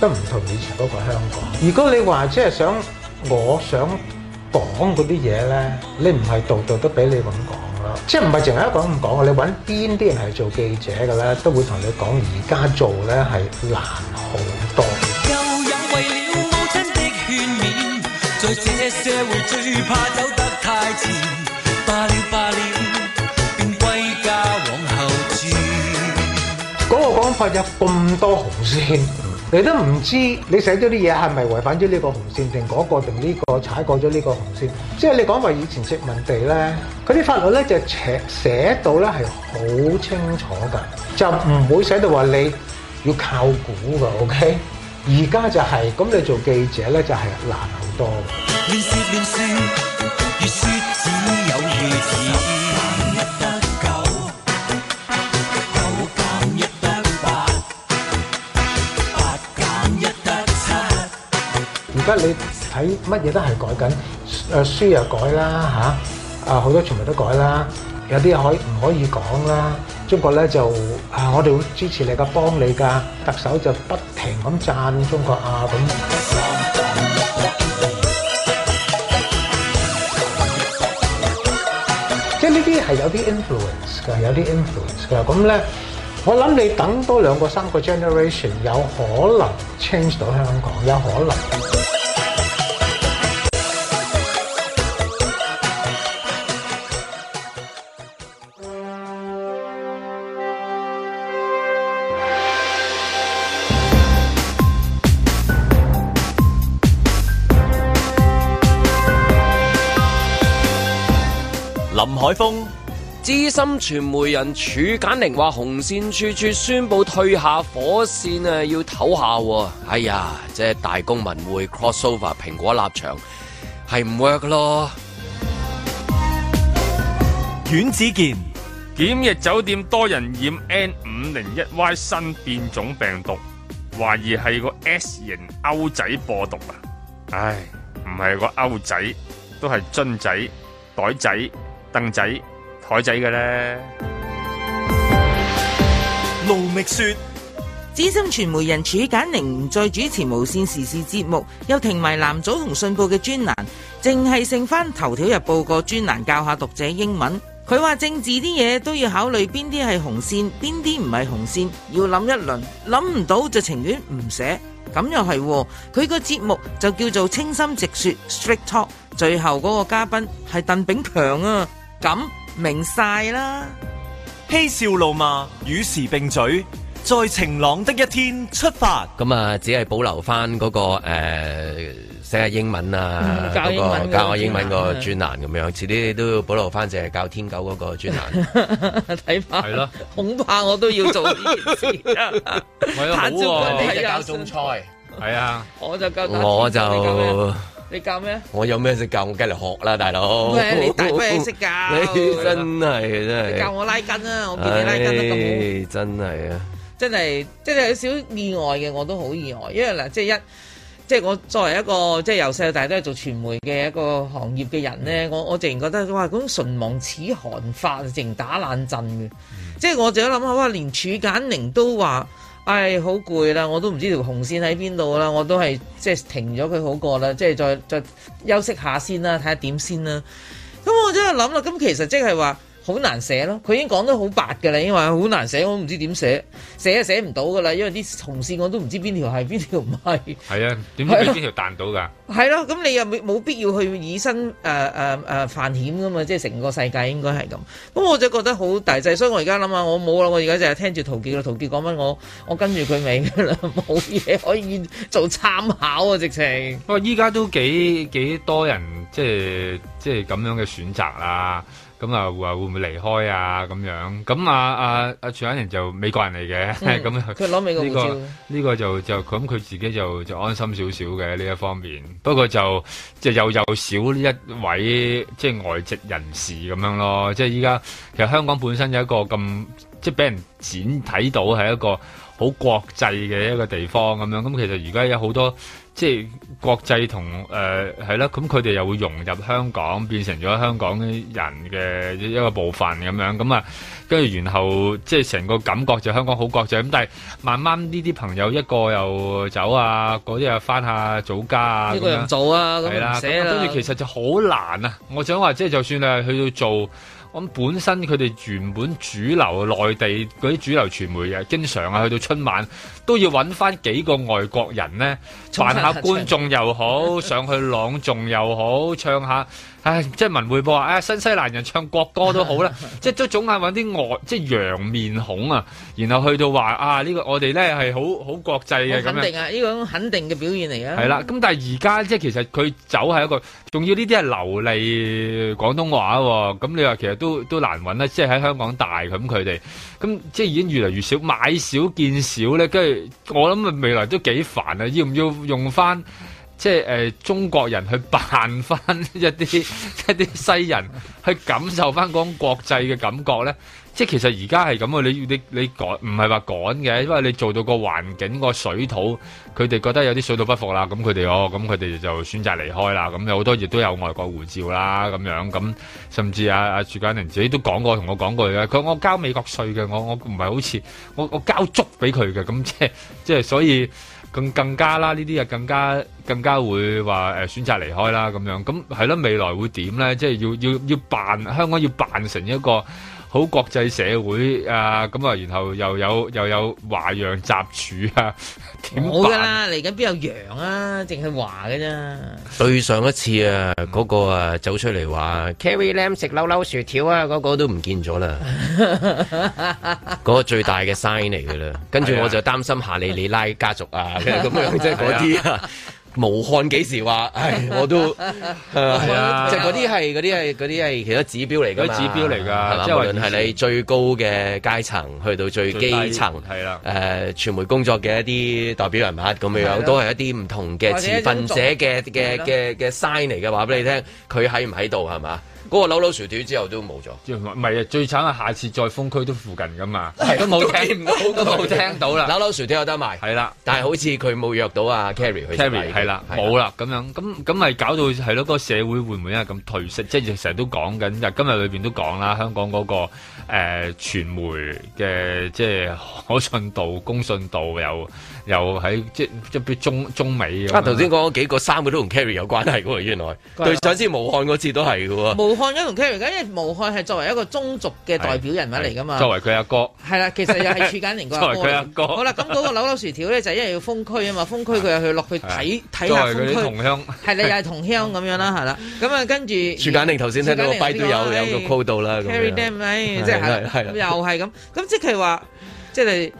都唔同以前嗰個香港。如果你話即係想，我想講嗰啲嘢咧，你唔係度度都俾你咁講。即係唔係淨係一個咁講，你揾邊啲人係做記者嘅咧，都會同你講而家做咧係難好多。嗰個講，講法有咁多紅線。你都唔知你寫咗啲嘢係咪違反咗呢個紅線，定嗰個，定呢個踩過咗呢個紅線。即係你講話以前殖民地咧，嗰啲法律咧就寫寫到咧係好清楚㗎，就唔會寫到話你要靠估㗎。OK，而家就係咁，你做記者咧就係難好多。而家你睇乜嘢都係改緊，誒書又改啦嚇，啊好多全部都改啦，有啲可以唔可以講啦？中國咧就啊，我哋會支持你噶，幫你噶，特首就不停咁讚中國啊咁。即係呢啲係有啲 influence 噶，有啲 influence 噶。咁咧，我諗你等多兩個三個 generation，有可能 change 到香港，有可能。海峰，資深傳媒人褚簡寧話：紅綫處處，宣布退下火線啊，要唞下。哎呀，即係大公文匯 cross over 蘋果立場係唔 work 咯。阮子健，檢疫酒店多人染 N 五零一 Y 新變種病毒，懷疑係個 S 型歐仔播毒啊！唉，唔係個歐仔，都係樽仔袋仔。凳仔台仔嘅咧，盧覓說：資深傳媒人褚簡寧唔再主持無線時事節目，又停埋《南早》同《信報》嘅專欄，淨係剩翻《頭條日報》個專欄教下讀者英文。佢話政治啲嘢都要考慮邊啲係紅線，邊啲唔係紅線，要諗一輪，諗唔到就情願唔寫。咁又係，佢個節目就叫做《清心直說》（Strict Talk）。最後嗰個嘉賓係鄧炳強啊！咁明晒啦！嬉笑怒罵與時並舉，在晴朗的一天出發。咁啊，只係保留翻、那、嗰個誒，寫、呃、下英文啊，嗰、那個那個教我英文個專欄咁樣，遲啲都要保留翻，就係教天狗嗰個專欄。睇下係咯，恐怕我都要做事。我、 啊、好、啊，你 教種菜，係 啊，我就教，教我就。你教咩？我有咩識教我？我梗係嚟學啦，大佬。你大威識教，真係真係。你教我拉筋啊！我見你拉筋都、啊、咁好，真係啊！真係，即、就、係、是、有少意外嘅，我都好意外，因為嗱，即、就、係、是、一，即、就、係、是、我作為一個即係由細到大都係做傳媒嘅一個行業嘅人咧、嗯，我我突然覺得哇，嗰種唇亡齒寒發，發成打冷震嘅，即係我就諗下哇，連褚簡寧都話。唉、哎，好攰啦，我都唔知條紅線喺邊度啦，我都係即係停咗佢好過啦，即係再再休息下先啦，睇下點先啦。咁我真係諗啦，咁其實即係話。好難寫咯，佢已經講得好白㗎啦，因為好難寫，我都唔知點寫，寫又寫唔到㗎啦，因為啲紅線我都唔知邊條係邊條唔係。係啊，點知邊條彈到㗎？係咯、啊，咁、啊、你又冇必要去以身誒誒誒犯險㗎嘛？即係成個世界應該係咁。咁我就覺得好大劑，所以我而家諗下，我冇啦，我而家就係聽住陶傑啦，陶傑講乜我我跟住佢名㗎啦，冇嘢可以做參考啊，直情。不過依家都幾，幾多人即係即係咁樣嘅選擇啦。咁啊，話會唔會離開啊？咁樣，咁啊啊啊！徐欣瑩就美國人嚟嘅，咁、嗯、呢、 呢個呢、呢個就就咁佢自己就就安心少少嘅呢一方面。不過就即係又又少一位即係、就是、外籍人士咁樣咯。即係依家其實香港本身有一個咁即係俾人剪睇到係一個。好國際嘅一個地方咁樣，咁其實而家有好多即係國際同誒係啦，咁佢哋又會融入香港，變成咗香港人嘅一個部分咁樣，咁啊，跟住然後即係成個感覺就香港好國際，咁但係慢慢呢啲朋友一個又走啊，嗰啲又返下祖家啊，一個人做啊，係啦，跟住其實就好難啊！我想話即係就算啊，去到做。咁本身佢哋原本主流內地嗰啲主流傳媒嘅，經常啊去到春晚。都要揾翻幾個外國人咧，扮下觀眾又好，上去朗誦又好，唱下，唉，即係文匯報話，啊，新西蘭人唱國歌都好啦，即係都總係揾啲外，即係洋面孔啊，然後去到話啊，呢個我哋咧係好好國際嘅，肯定啊，呢個肯定嘅表現嚟啊。係啦，咁但係而家即係其實佢走係一個，仲要呢啲係流利廣東話喎，咁你話其實都都難揾啦，即係喺香港大咁佢哋，咁即係已經越嚟越少，買少見少咧，跟住。我諗未來都幾煩啊！要唔要用翻即係誒、呃，中國人去扮翻一啲一啲西人，去感受翻嗰種國際嘅感覺咧？即係其實而家係咁啊！你你你趕唔係話趕嘅，因為你做到個環境個水土，佢哋覺得有啲水土不服啦，咁佢哋哦，咁佢哋就選擇離開啦。咁有好多亦都有外國護照啦，咁樣咁甚至啊啊，朱家玲自己都講過，同我講過嘅，佢話我交美國稅嘅，我我唔係好似我我交足俾佢嘅，咁即即係所以更更加啦，呢啲啊更加更加會話誒、欸、選擇離開啦咁樣。咁係咯，未來會點咧？即係要要要辦香港要辦成一個。好國際社會啊，咁啊，然後又有又有華洋雜處啊，點會？冇噶啦？嚟緊邊有羊啊？淨係華嘅啫。對上一次啊，嗰個啊走出嚟話 Carrie Lam 食溜溜薯條啊，嗰個都唔見咗啦。嗰 個最大嘅 sign 嚟噶啦，跟住我就擔心下利利拉家族啊，咁 樣即係嗰啲。就是 武漢幾時話？啊。係、哎、我都係啊，就嗰啲係嗰啲係嗰啲係其他指標嚟㗎嘛，指標嚟㗎，即係無論係你最高嘅階層，去到最基層，係啦，誒、呃，傳媒工作嘅一啲代表人物咁樣樣都係一啲唔同嘅持份者嘅嘅嘅嘅 sign 嚟嘅，話俾你聽，佢喺唔喺度係嘛？嗰個撈撈薯條之後都冇咗，唔係啊！最慘係，下次再封區都附近噶嘛，都冇聽到，都冇聽到啦。撈撈薯條有得賣，係啦，但係好似佢冇約到啊 Carrie 去 Carrie 係啦，冇啦咁樣咁咁咪搞到係咯？嗰個社會會唔會因為咁退縮？即係成日都講緊，就今日裏面都講啦，香港嗰個誒傳媒嘅即係可信度、公信度有。又喺即即中中美啊！頭先講幾個三個都同 Carrie 有關係喎，原來怪怪對上次武漢嗰次都係喎。武漢又同 Carrie，因為武漢係作為一個宗族嘅代表人物嚟噶嘛。作為佢阿哥。係啦，其實又係徐簡寧作為佢阿哥，嗯。好啦，咁嗰個扭扭薯條咧就因為要封區啊嘛，封區佢又去落去睇睇佢啲同鄉。係你又係同鄉咁樣啦，係、嗯、啦。咁啊，跟住。徐簡寧頭先聽到個 by、哎、都有有個 call 到啦。Carrie Lam 唉，即係係又係咁，咁即係話即係。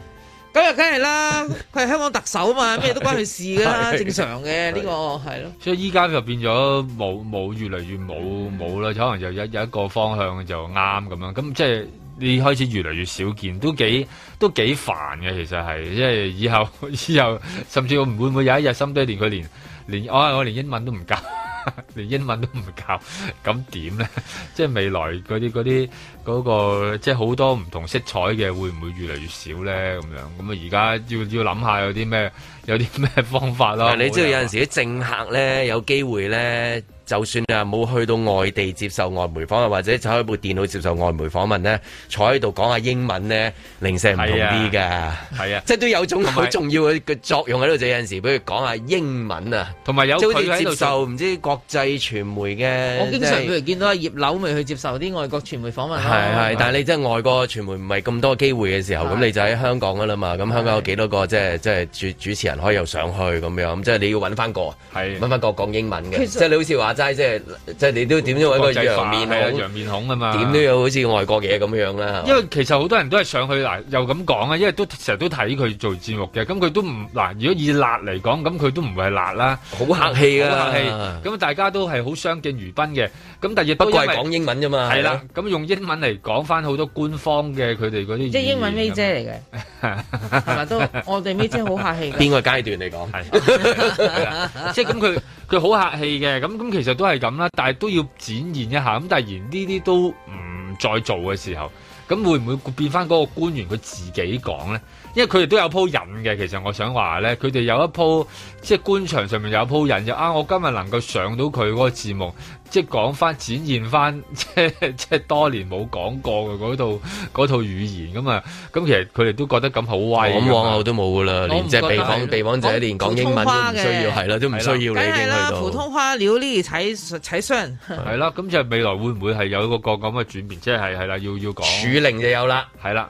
咁又梗係啦，佢係香港特首啊嘛，咩都關佢事噶啦， 正常嘅呢、呢個係咯。所以依家就變咗冇冇，越嚟越冇冇啦，可能就有一個方向就啱咁樣，咁即係你開始越嚟越少見，都幾都幾煩嘅。其實係，即係以後以後，甚至我唔會唔會有一日心都連佢連連我我連英文都唔夾。 連英文都唔教，咁點咧？即係未來嗰啲嗰啲嗰個，即係好多唔同色彩嘅，會唔會越嚟越少咧？咁樣咁啊！而家要要諗下有啲咩有啲咩方法咯。你知道有陣時啲政客咧，有機會咧。就算啊冇去到外地接受外媒訪問，或者坐喺部電腦接受外媒訪問咧，坐喺度講下英文咧，零舍唔同啲㗎，係啊，即係都有種好重要嘅嘅作用喺度。就有陣時，比如講下英文啊，同埋有佢喺度接受唔知國際傳媒嘅，我經常譬如見到葉劉咪去接受啲外國傳媒訪問。係係，但係你真係外國傳媒唔係咁多機會嘅時候，咁你就喺香港㗎啦嘛。咁香港有幾多個即係即係主主持人可以又上去咁樣？咁即係你要揾翻個，揾翻個講英文嘅，即係你好似話。齋，即係即係你都點都要一個洋面係啊，洋面孔啊嘛，點都要好似外國嘢咁樣啦。因為其實好多人都係上去嗱，又咁講啊，因為都成日都睇佢做節目嘅，咁佢都唔嗱。如果以辣嚟講，咁佢都唔會係辣啦，好客氣啊，咁大家都係好相敬如賓嘅。咁但係不過係講英文啫嘛，係啦。咁用英文嚟講翻好多官方嘅佢哋嗰啲，即係英文妹姐嚟嘅，係咪都我哋妹姐好客氣。邊個階段嚟講？係即係咁佢。佢好客氣嘅，咁咁其實都係咁啦，但係都要展現一下。咁但係而呢啲都唔再做嘅時候，咁會唔會變翻嗰個官員佢自己講呢？因為佢哋都有鋪人嘅，其實我想話咧，佢哋有一鋪即係官場上面有一鋪人就啊，我今日能夠上到佢嗰個字幕，即係講翻展現翻，即係即係多年冇講過嘅嗰套嗰套語言咁啊，咁其實佢哋都覺得咁好威。往後都冇噶啦，連即係被訪被訪者連講英文都唔需要，係啦，都唔需要你已經去到。普通話了呢？睇睇雙。係啦，咁就未來會唔會係有一個咁嘅轉變？即係，係啦，要要講。數零就有啦，係啦。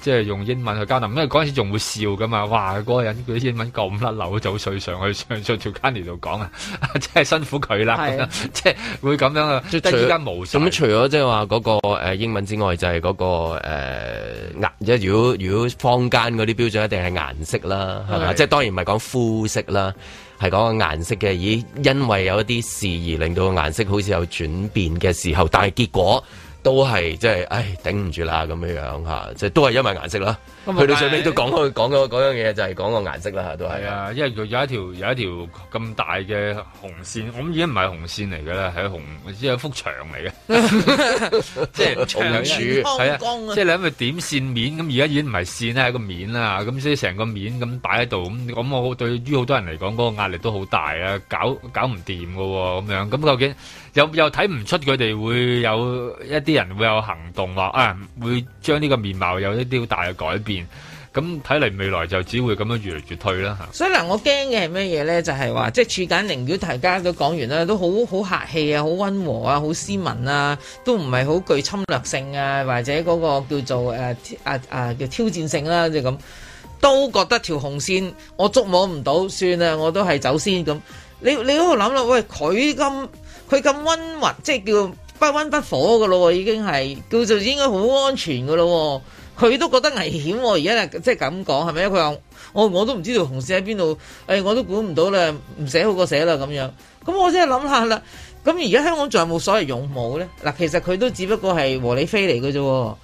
即係用英文去交流，因為嗰陣時仲會笑噶嘛，哇！嗰個人佢啲英文咁甩漏，早水上去上去上條街嚟度講啊，真係辛苦佢啦、啊，即係會咁樣啊！咁除咗即係話嗰個英文之外，就係、是、嗰、那個誒顏，即、呃、如果如果坊間嗰啲標準，一定係顏色啦，是啊、是即係當然唔係講膚色啦，係講個顏色嘅。咦，因為有一啲事而令到個顏色好似有轉變嘅時候，但係結果。都係即係，唉、哎，頂唔住啦咁樣樣吓，即係都係因為顏色啦。去到最尾都講開，講咗講樣嘢就係講個顏色啦吓，都係。係啊，因為有一條有一條有一條咁大嘅紅線，咁已經唔係紅線嚟嘅啦，係紅即係一幅牆嚟嘅，即係牆柱，即係你因為點線面咁，而家已經唔係線啦，係個面啦，咁所以成個面咁擺喺度咁，咁我對於好多人嚟講，嗰、那個壓力都好大啊，搞搞唔掂噶，咁樣咁究竟？又又睇唔出佢哋會有一啲人會有行動話啊，會將呢個面貌有一啲好大嘅改變。咁睇嚟未來就只會咁樣越嚟越退啦嚇。所以嗱，我驚嘅係咩嘢咧？就係話即係處簡寧與大家都講完啦，都好好客氣啊，好温和啊，好斯文啊，都唔係好具侵略性啊，或者嗰個叫做誒啊，啊，啊叫挑戰性啦，即係咁都覺得條紅線我捉摸唔到，算啦，我都係走先咁。你你喺度諗啦，喂佢咁。佢咁温滑，即係叫不温不火㗎咯喎，已經係叫做應該好安全㗎咯喎，佢都覺得危險喎，而家即係咁講係咪啊？佢話我我都唔知道紅線喺邊度，誒、哎、我都估唔到啦，唔寫好過寫啦咁樣，咁我真係諗下啦，咁而家香港仲有冇所謂勇武咧？嗱其實佢都只不過係和理非嚟㗎啫喎。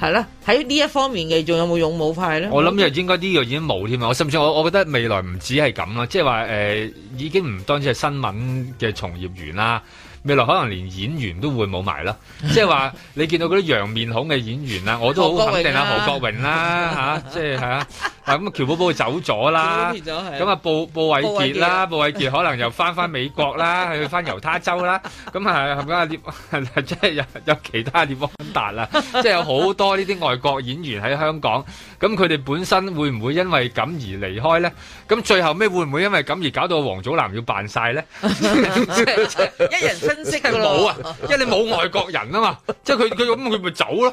係啦，喺呢一方面嘅，仲有冇勇武派咧？我諗又應該呢樣已經冇添啊！我甚至我我覺得未來唔止係咁啦，即係話誒，已經唔單止係新聞嘅從業員啦，未來可能連演員都會冇埋啦，即係話你見到嗰啲洋面孔嘅演員啦，我都好肯定啊，啊，何國榮啦吓，即係啊嗱咁啊，喬寶寶走咗啦，咁啊，布布偉傑啦，布偉傑可能又翻翻美國啦，去翻猶他州啦，咁啊，係咪啊？即係有有其他啲汪達啦，即係有好多呢啲外國演員喺香港，咁佢哋本身會唔會因為咁而離開咧？咁最後尾會唔會因為咁而搞到王祖藍要扮曬咧？一人分飾係冇啊，因為你冇外國人啊嘛，即係佢佢咁佢咪走咯。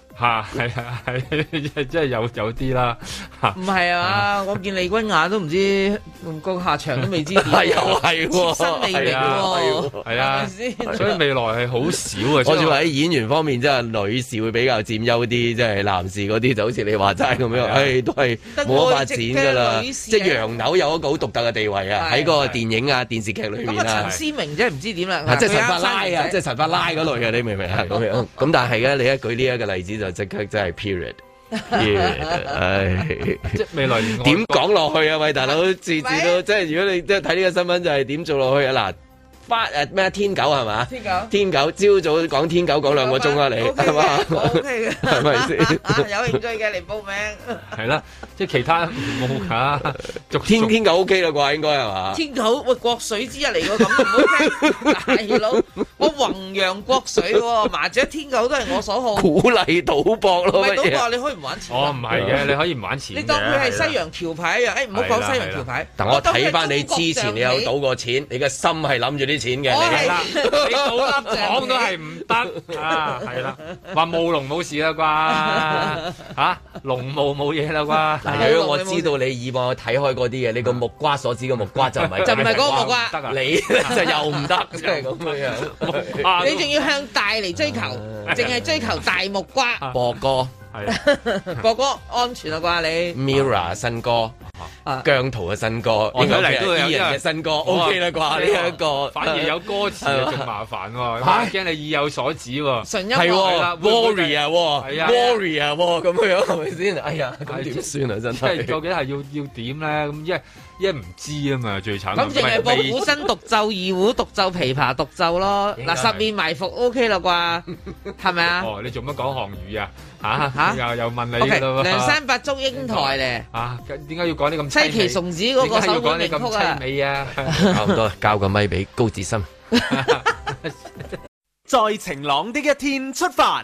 吓係係係即係有有啲啦唔係啊？我見李君雅都唔知個下場都未知、 喔、未知點係又係喎，係啊，係 啊樂、喔，所以未來係好少啊！ 我仲話喺演員方面，即係女士會比較佔優啲，即係男士嗰啲就好似你話齋咁樣，唉、哎，都係冇得發展噶啦，即係楊柳有一個好獨特嘅地位啊！喺個電影啊、電視劇裏面,對對對對劇裡面陳啊，陳思明真係唔知點啦，即係陳法拉啊，即係陳法拉嗰類嘅，你明唔明啊？咁樣咁但係咧，你一舉呢一個例子。就即刻真係 period，唉，即未來點講落去啊？喂、啊，大佬，至至到即係如果你即係睇呢個新聞，就係、是、點做落去啊嗱？誒咩、啊、天九係嘛？天九，天朝早講天九講兩個鐘啊！嗯、你係嘛？O K 嘅，係咪先？有興趣嘅嚟報名。係 啦， 即係其他唔好、啊、天天九 O K 啦啩？應該係嘛？天九、okay，喂，國粹之一嚟個咁，唔好聽大佬， 我弘揚國粹、哦，麻雀天九都係我所好。鼓勵賭博咯，賭博，你可以唔玩錢、啊。我唔係嘅，你可以唔玩錢。你當佢係西洋橋牌一樣，誒唔好講西洋橋牌。但我睇翻你之前你有賭過，過錢，你嘅心係諗住。俾錢嘅，你倒笠講都係唔得啊！係啦，話冇龍冇事啦啩？嚇、啊，龍冇冇嘢啦啩？嗱，由於我知道你以往睇開嗰啲嘢，你個木瓜所指嘅木瓜就唔係 就唔係嗰個木瓜，你就又唔得，真係咁樣！你仲要向大嚟追求，淨 係追求大木瓜，博、啊啊、哥。係啊，哥哥安全啦啩你，Mirror 新歌，啊、姜濤嘅新歌，我嚟都新人嘅新歌，OK 啦啩呢一個，反而有歌詞啊仲麻煩，啊、怕驚你意有所指，純音係 Warrior 係啊，啊 Warrior 咁，啊啊、樣，啊啊啊樣啊啊，哎呀，點算啊真係，即係究竟係要要點咧咁一。一唔知啊嘛，最慘。咁淨係播虎身獨奏，二胡獨奏，琵琶獨奏咯。嗱，十面埋伏 OK 啦啩，係咪啊？哦，你做乜講韓語啊？吓吓又又問你啦喎。梁山伯祝英台咧。啊，點解要講啲咁？妻騎蟲子嗰個手風笛曲啊。未啊，差唔多啦，交個咪俾高志森。在晴朗的一天出發。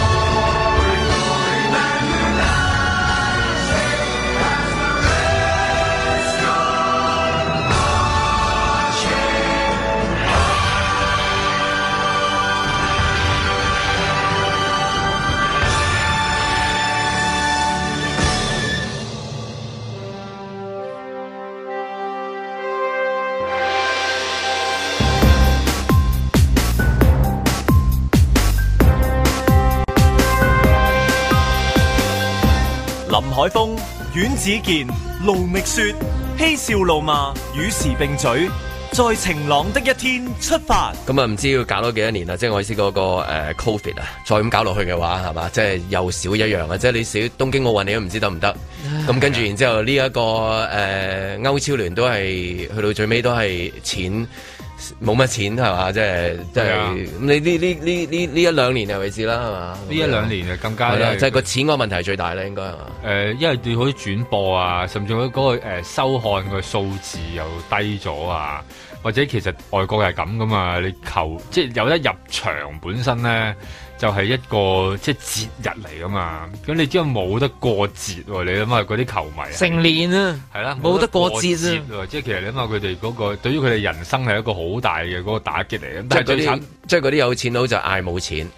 海峰、阮子健、盧覓雪、嬉笑怒罵、與時並嘴，在晴朗的一天出發。咁、嗯、啊，唔知要搞多幾多年啦，即係我意思嗰個誒、呃、COVID 啊，再咁搞落去嘅話，係嘛，即係又少一樣啊！即係你少東京奧運，你、 嗯這個呃、都唔知得唔得。咁跟住，然之後呢一個誒，歐超聯都係去到最尾都係錢。冇乜錢係嘛？即係即係、嗯、你呢呢呢呢呢一兩年係未知啦，係嘛？呢一兩年係更加啦，即係個錢個問題係最大啦，應該誒、呃，因為你嗰啲轉播啊，甚至佢、那、嗰個、呃、收看個數字又低咗啊，或者其實外國係咁噶嘛，你求即係有得入場本身咧。就係、是、一個即係節日嚟噶嘛，咁你知道冇得過節、啊、你諗下嗰啲球迷成年啊，係啦、啊，冇得過節啊，啊，即係其實你諗下佢哋嗰個對於佢哋人生係一個好大嘅嗰個打擊嚟、就是，即係即係嗰啲有錢佬就嗌冇錢，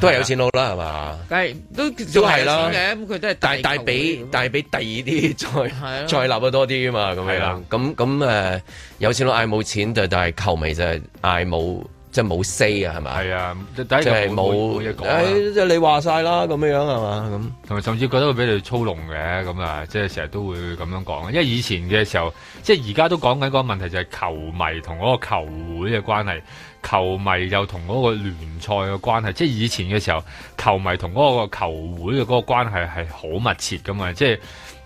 都係有錢佬啦，係、 啊、嘛，係都都係啦，咁佢都係帶帶俾帶俾第二啲再再立得多啲啊嘛，咁樣，咁咁誒有錢佬嗌冇錢，但係球迷就係嗌冇。即係冇 say 啊，係咪？係啊，第一就冇冇嘢講啦。即係你話晒啦，咁樣樣係嘛？咁同埋甚至覺得會俾你操弄嘅，咁啊，即係成日都會咁樣講。因為以前嘅時候，即係而家都講緊個問題就係球迷同嗰個球會嘅關係，球迷又同嗰個聯賽嘅關係。即係以前嘅時候，球迷同嗰個球會嘅嗰個關係係好密切噶嘛？即係。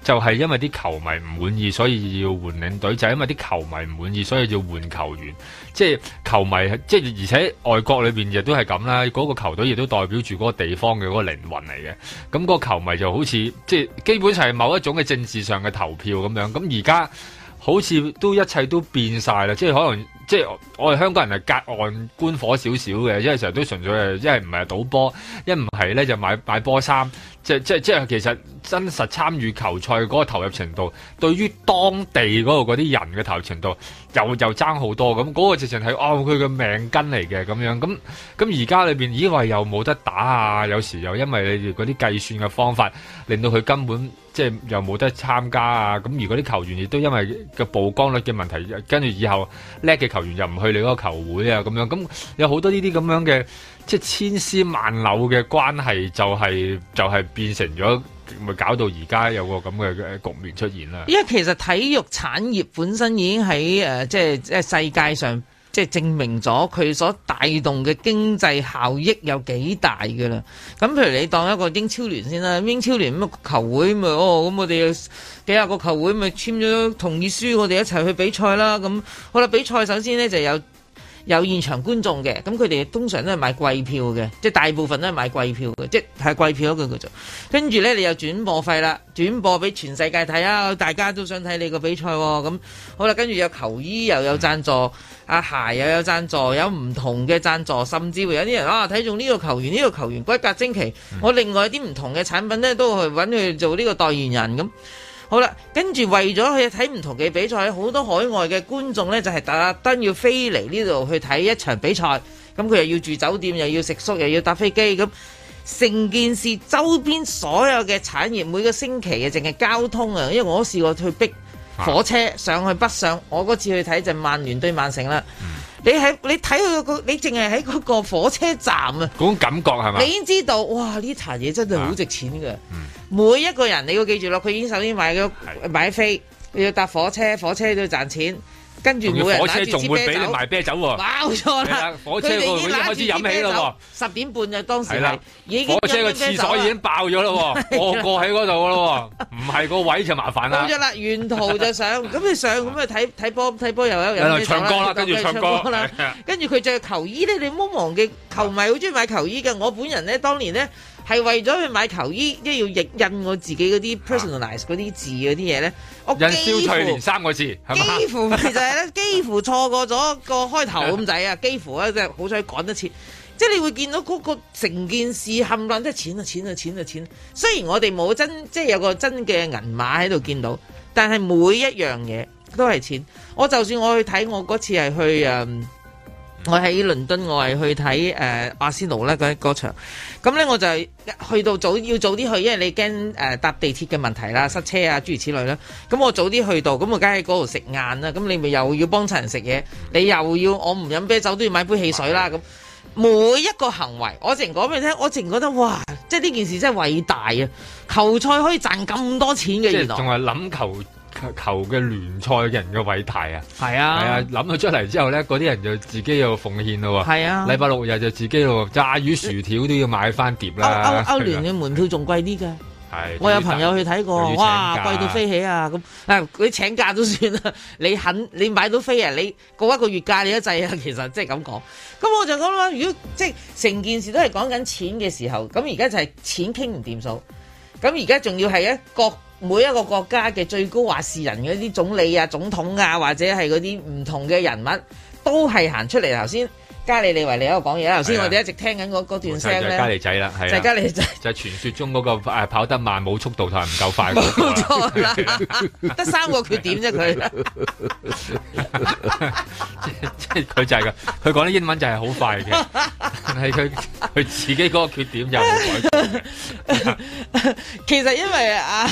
就係因為啲球迷唔滿意，所以要換領隊；就係因為啲球迷唔滿意，所以要換球員。即係球迷，即係而且外國裏邊亦都係咁啦。嗰個球隊亦都代表住嗰個地方嘅嗰個靈魂嚟嘅。咁嗰個球迷就好似即係基本上係某一種嘅政治上嘅投票咁樣。咁而家好似都一切都變晒啦，即係可能。即係我我哋香港人係隔岸觀火少少嘅，因為成日都純粹係因為唔係賭波，一唔係咧就買買波衫。即係即係即係其實真實參與球賽嗰個投入程度，對於當地嗰度嗰啲人嘅投入程度又又爭好多咁。嗰個直情係啊，佢嘅命根嚟嘅咁樣咁，咁而家裏面以為又冇得打啊！有時又因為你哋嗰啲計算嘅方法，令到佢根本。即係又冇得參加啊！咁如果啲球員亦都因為個曝光率嘅問題，跟住以後叻嘅球員又唔去你嗰個球會啊！咁樣咁有好多呢啲咁樣嘅即係千絲萬縷嘅關係就係就係、是就是、變成咗，咪搞到而家有個咁嘅局面出現啦。因為其實體育產業本身已經喺誒即係即係世界上。即係證明咗佢所帶動嘅經濟效益有幾大㗎啦。咁譬如你當一個英超聯先啦，英超聯咁球會咪哦，咁我哋幾廿個球會咪簽咗同意書，我哋一齊去比賽啦。咁好啦，比賽首先呢就有。有現場觀眾嘅，咁佢哋通常都係買貴票嘅，即係大部分都係買貴票嘅，即係貴票一個叫做。跟住呢，你有轉播費啦，轉播俾全世界睇啊，大家都想睇你個比賽喎、哦。咁好啦，跟住有球衣又有贊助，阿、啊、鞋又有贊助，有唔同嘅贊助，甚至會有啲人啊睇中呢個球員，呢、呢個球員骨骼精奇。我另外啲唔同嘅產品呢，都去揾佢做呢個代言人咁。好啦，跟住為咗去睇唔同嘅比賽，好多海外嘅觀眾呢就係特登要飛嚟呢度去睇一場比賽，咁佢又要住酒店，又要食宿，又要搭飛機，咁成件事周邊所有嘅產業每個星期嘅淨係交通啊，因為我都試過去逼火車上去北上，我嗰次去睇就曼聯對曼城啦。你喺你睇佢個，你淨係喺個個火車站啊！嗰種感覺係咪？你已經知道，哇！呢壇嘢真係好值錢㗎、啊嗯！每一個人你要記住咯，佢已經首先買咗，買飛，要搭火車，火車都要賺錢。跟住仲會畀你埋啤酒，冇錯啦。火車嗰度開始飲起啦喎。十點半就當時係，已經攬住啤酒。火車個廁所已經爆咗啦喎，我過喺嗰度啦喎，唔係個位就麻煩啦。冇咗啦，沿途就上，咁 你上咁啊，睇睇波睇波又有人唱歌啦，跟住唱歌啦，跟住佢就，就，就着球衣咧，你唔好忘記，球迷好中意買球衣嘅，我本人咧，當年咧。係為咗去買球衣，即係要印印我自己嗰啲 personalize 嗰啲字嗰啲嘢咧，我。印肖翠蓮三個字，係嘛？幾乎其實咧，幾乎錯過咗個開頭咁滯啊！ 幾乎咧，即係好彩趕得切，即係你會見到嗰，那個成件事冚唪唥即係錢啊錢啊錢啊錢，啊錢啊！雖然我哋冇真即係有個真嘅銀碼喺度見到，但係每一樣嘢都係錢。我就算我去睇，我嗰次係去誒。嗯我喺倫敦，我係去睇誒阿仙奴咧嗰啲場，咁咧我就去到早，要早啲去，因為你驚誒、呃、搭地鐵嘅問題啦、塞車啊諸如此類啦。咁我早啲去到，咁我梗係喺嗰度食晏啦。咁你咪又要幫襯人食嘢，你又要我唔飲啤酒都要買杯汽水啦。咁每一個行為，我淨講畀你聽，我淨覺得哇，即係呢件事真係偉大啊！球賽可以賺咁多錢嘅，原來。仲係諗球求嘅聯賽人嘅偉大啊！係啊，係啊，諗到出嚟之後咧，嗰啲人就自己又奉獻咯喎。係啊，禮拜六日就自己又炸魚薯條都要買返碟啦。歐歐，歐、啊、歐聯嘅門票仲貴啲㗎。係，我有朋友去睇過，哇，貴到飛起啊！咁、嗯、你佢請假都算啦。你肯你買到飛啊？你過一個月假你都制啊！其實即係咁講。咁我就講啦，如果即係成件事都係講緊錢嘅時候，咁而家就係錢傾唔掂數。咁而家仲要係一個。每一個國家嘅最高話事人，嗰啲總理啊、總統啊，或者係嗰啲唔同嘅人物，都係行出嚟。頭先，加利利維尼喺度講嘢。頭先我哋一直聽緊嗰段聲咧。加利、啊就係、仔啦，係、啊、就係加利仔。就係、是、傳說中嗰個誒跑得慢、冇速度同唔夠快。冇錯啦，得 是、啊、 三個缺點啫佢。即係佢就係、是、噶，佢講啲英文就係好快嘅。係佢，佢自己嗰個缺點又唔改。 其實因為阿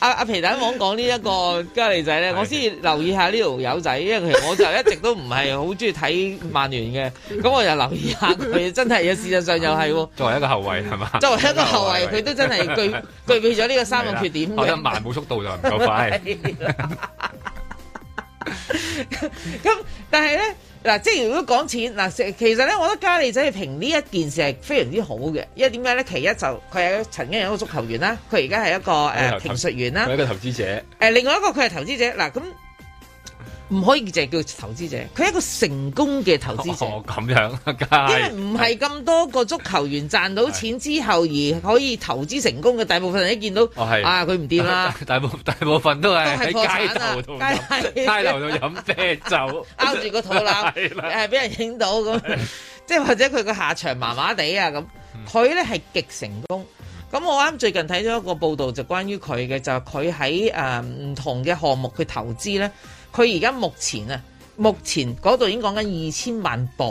阿阿皮蛋王講呢一個加尼仔咧，我先留意一下呢條友仔，因為其實我就是一直都唔係好中意睇曼聯嘅，咁 我又留意一下佢，真係事實上又係作為一個後衛係嘛，作為一個後衛佢 都真係具 具備咗呢個三個缺點，學得慢冇速度就唔夠快 是的。 咁但係咧。嗱，即係如果講錢，嗱，其實咧，我覺得嘉利仔係憑呢一件事係非常之好嘅，因為點解咧？其一就佢係曾經有一個足球員啦，佢而家係一個誒評述員啦，佢係一個投資者。誒，另外一個佢係投資者。嗱，咁。唔可以淨係叫投資者，佢係一個成功嘅投資者。咁、哦、樣啊，因為唔係咁多個足球員賺到錢之後而可以投資成功嘅，大部分人一見到。係啊，佢唔掂啦。大部大部分都係喺街頭度、啊，街頭度飲啤酒，踎 住個肚腩，係俾人影到咁。即係或者佢個下場麻麻地啊咁。佢咧係極成功。咁、嗯、我啱最近睇咗一個報道就於，就關於佢嘅，就佢喺誒唔同嘅項目去投資咧。佢而家目前啊，目前嗰度已經講緊二千萬磅，